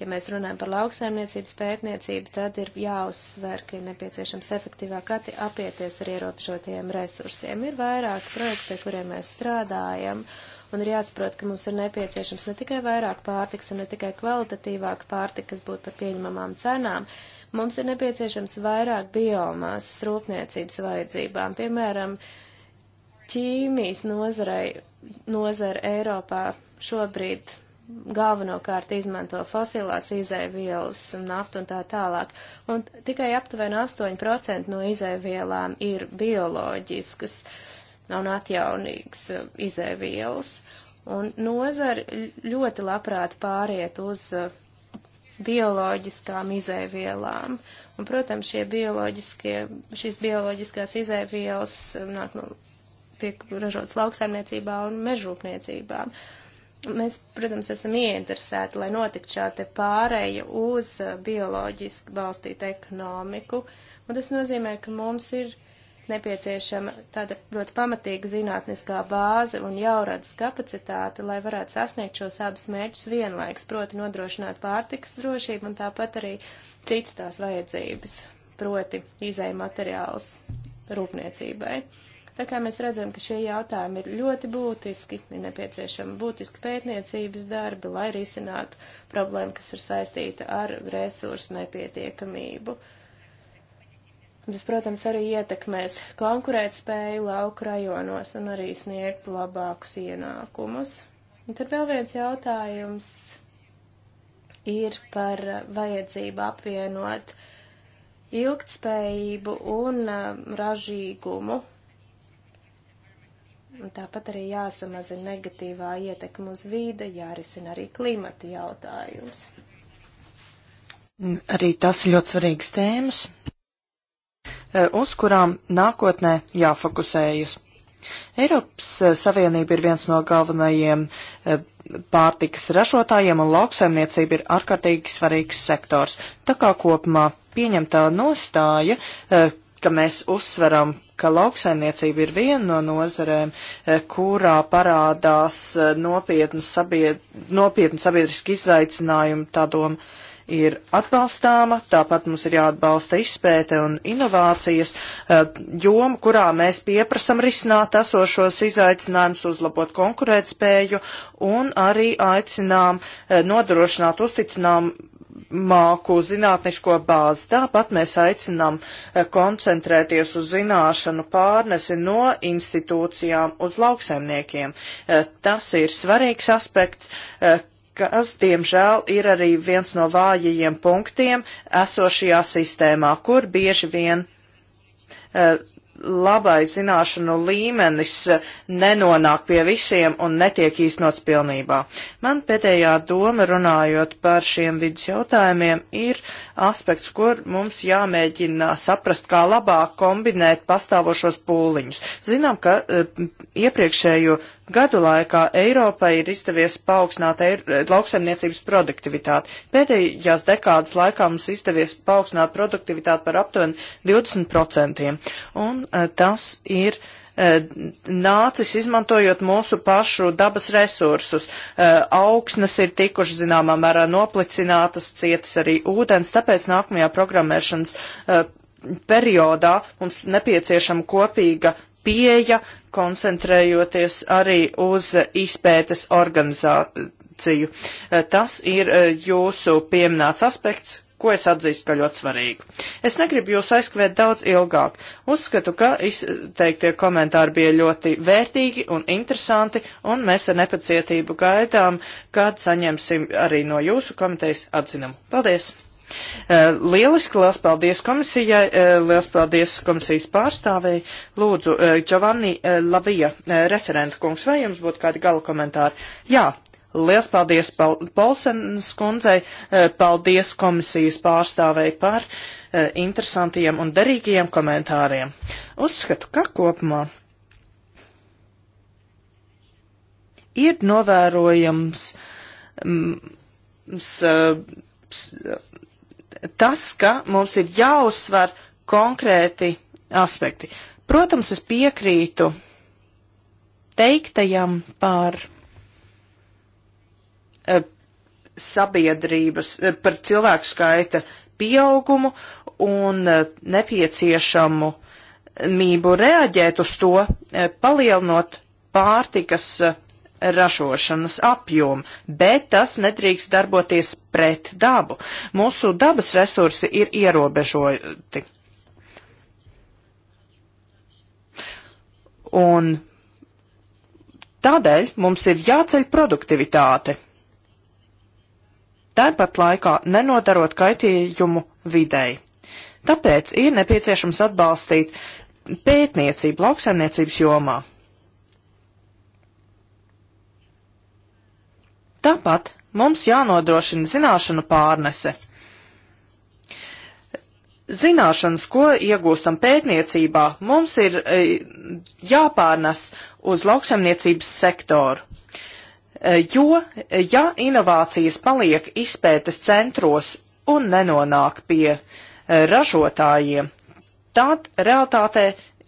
Ja mēs runājam par lauksaimniecības pētniecību, tad ir jāuzsver, ka ir nepieciešams efektīvāk apieties ar ierobežotajiem resursiem. Ir vairāk projekti, pie kuriem mēs strādājam, uh, un ir jāsaprot, ka mums ir nepieciešams ne tikai vairāk pārtiks un ne tikai kvalitatīvāk pārtika, kas būtu par pieņemamām cenām, mums ir nepieciešams vairāk biomasas rūpniecības vajadzībām. Piemēram, ķīmijas nozarei, nozara Eiropā šobrīd galvenokārt izmanto fosilās izēvielas, naftu un tā tālāk, un tikai aptuveni 8% no izēvielām ir bioloģiskas. Uh, nav atjaunīgs uh, izēvielas, un nozari ļoti labprāt pāriet uz uh, bioloģiskām izēvielām. Un, protams, šie bioloģiskie, šīs bioloģiskās izēvielas uh, nāk no, tiek ražotas lauksaimniecībā un mežrūpniecībā. Mēs, protams, esam ieinteresēti, lai notiktu šā te pāreja uz bioloģiski balstītu ekonomiku, un tas nozīmē, ka mums ir uh, nepieciešama tāda ļoti pamatīga zinātniskā bāze un jauradas kapacitāte, lai varētu sasniegt šos abus mērķus vienlaiks, proti nodrošināt pārtikas drošību un tāpat arī citas tās vajadzības, proti izēja materiālus rūpniecībai. Tā kā mēs redzam, ka šie jautājumi ir ļoti būtiski, ir nepieciešama būtiska pētniecības darbi, lai risinātu problēmu, kas ir saistīta ar resursu nepietiekamību. Uh, Tas, protams, arī ietekmēs konkurētspēju lauku rajonos un arī sniegt labākus ienākumus. Un tad vēl viens jautājums ir par vajadzību apvienot ilgtspējību un um, ražīgumu. Un tāpat arī jāsamazina negatīvā ietekma uz vīde, jārisina arī klimata jautājums. Arī tas ir ļoti svarīgs tēmas. E, uz kurām nākotnē jāfokusējas. Eiropas e, Savienība ir viens no galvenajiem e, pārtikas ražotājiem un lauksaimniecība ir ārkārtīgi svarīgs sektors. Tā kā kopumā pieņemtā nostāja, ka mēs uzsveram, ka lauksaimniecība ir viena no nozarēm, kurā parādās nopietni sabied, nopietni sabiedriski izaicinājumi tādom uh, ir atbalstāma, tāpat mums ir jāatbalsta izpēte un inovācijas eh, joma, kurā mēs pieprasam risināt esošos izaicinājumus, uzlabot konkurētspēju un arī aicinām eh, nodrošināt uzticinām māku zinātnisko bāzi. Tāpat mēs aicinām eh, koncentrēties uz zināšanu pārnesi no institūcijām uz lauksaimniekiem. Tas ir svarīgs aspekts, kas, diemžēl, ir arī viens no vājajiem punktiem esošajā sistēmā, kur bieži vien uh, eh, labais zināšanu līmenis eh, nenonāk pie visiem un netiek īstenots pilnībā. Man pēdējā doma runājot par šiem vidus jautājumiem ir aspekts, kur mums jāmēģina saprast, kā labāk kombinēt pastāvošos pūliņus. Zinām, ka eh, iepriekšējo gadu laikā Eiropai ir izdevies paaugstināt lauksaimniecības produktivitāti. Pēdējās dekādas laikā mums izdevies paaugstināt produktivitāti par aptuveni 20%. Un e, tas ir e, nācis izmantojot mūsu pašu dabas resursus. E, augsnes ir tikuši zināmā mērā noplicinātas, cietas arī ūdens, tāpēc nākamajā programmēšanas periodā mums nepieciešama kopīga pieeja, koncentrējoties arī uz izpētes organizāciju. Eh, tas ir eh, jūsu pieminēts aspekts, ko es atzīstu kā ļoti svarīgu. Es negribu jūs aizskavēt daudz ilgāk. Uzskatu, ka izteiktie komentāri bija ļoti vērtīgi un interesanti, un mēs ar nepacietību gaidām, kad saņemsim arī no jūsu komitejas atzinumu. Paldies! Eh, lieliski, liels paldies komisijai, eh, liels paldies komisijas pārstāvēji. Lūdzu, eh, Giovanni Lavija, referenta kungs, vai jums būtu kādi gala komentāri? Jā, Liels paldies Pal Polsenas kundzei, paldies komisijas pārstāvei par interesantiem un derīgiem komentāriem. Uzskatu, ka kopumā ir novērojams. Mm, s, s, tas, ka mums ir jāuzsver konkrēti aspekti. Protams, es piekrītu teiktajam par eh, sabiedrības, eh, par cilvēku skaita pieaugumu un eh, nepieciešamu mību reaģēt uz to, palielinot pārtikas ražošanas apjomu, bet tas nedrīkst darboties pret dabu. Mūsu dabas resursi ir ierobežoti. Un tādēļ mums ir jāceļ produktivitāte. Tāpat laikā nenodarot kaitījumu videi. Tāpēc ir nepieciešams atbalstīt pētniecību lauksaimniecības jomā. Tāpat mums jānodrošina zināšanu pārnese. Zināšanas, ko iegūstam pētniecībā, mums ir e, jāpārnes uz lauksaimniecības sektoru. E, jo, ja inovācijas paliek izpētes centros un nenonāk pie e, ražotājiem, tad realtātē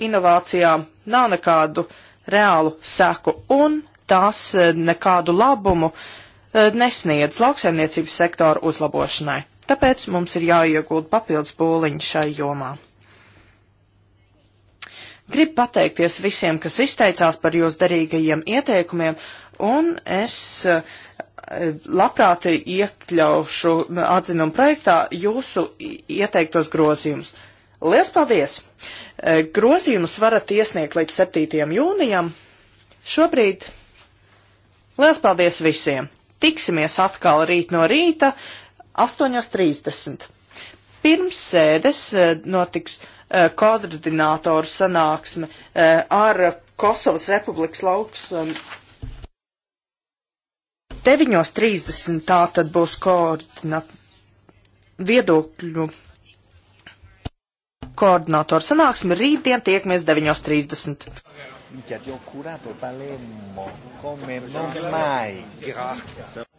inovācijām nav nekādu reālu seku un tās nekādu labumu uh, Eh, nesniedz lauksaimniecības sektoru uzlabošanai. Tāpēc mums ir jāiegūt papildus pūliņi šai jomā. Gribu pateikties visiem, kas izteicās par jūsu derīgajiem ieteikumiem, un es eh, labprāt iekļaušu atzinumu projektā jūsu ieteiktos grozījumus. Lielas paldies! Eh, grozījumus varat iesniegt līdz 7. jūnijam. Šobrīd lielas paldies visiem! tiksimies atkal rīt no rīta 8.30. Pirms sēdes eh, notiks eh, koordinātoru sanāksme eh, ar Kosovas Republikas lauks. 9.30 um, tā tad būs koordinat viedokļu koordinātoru sanāksme. Rītdien tiekamies 9.30 minchia ti ho curato Palermo come non mai grazie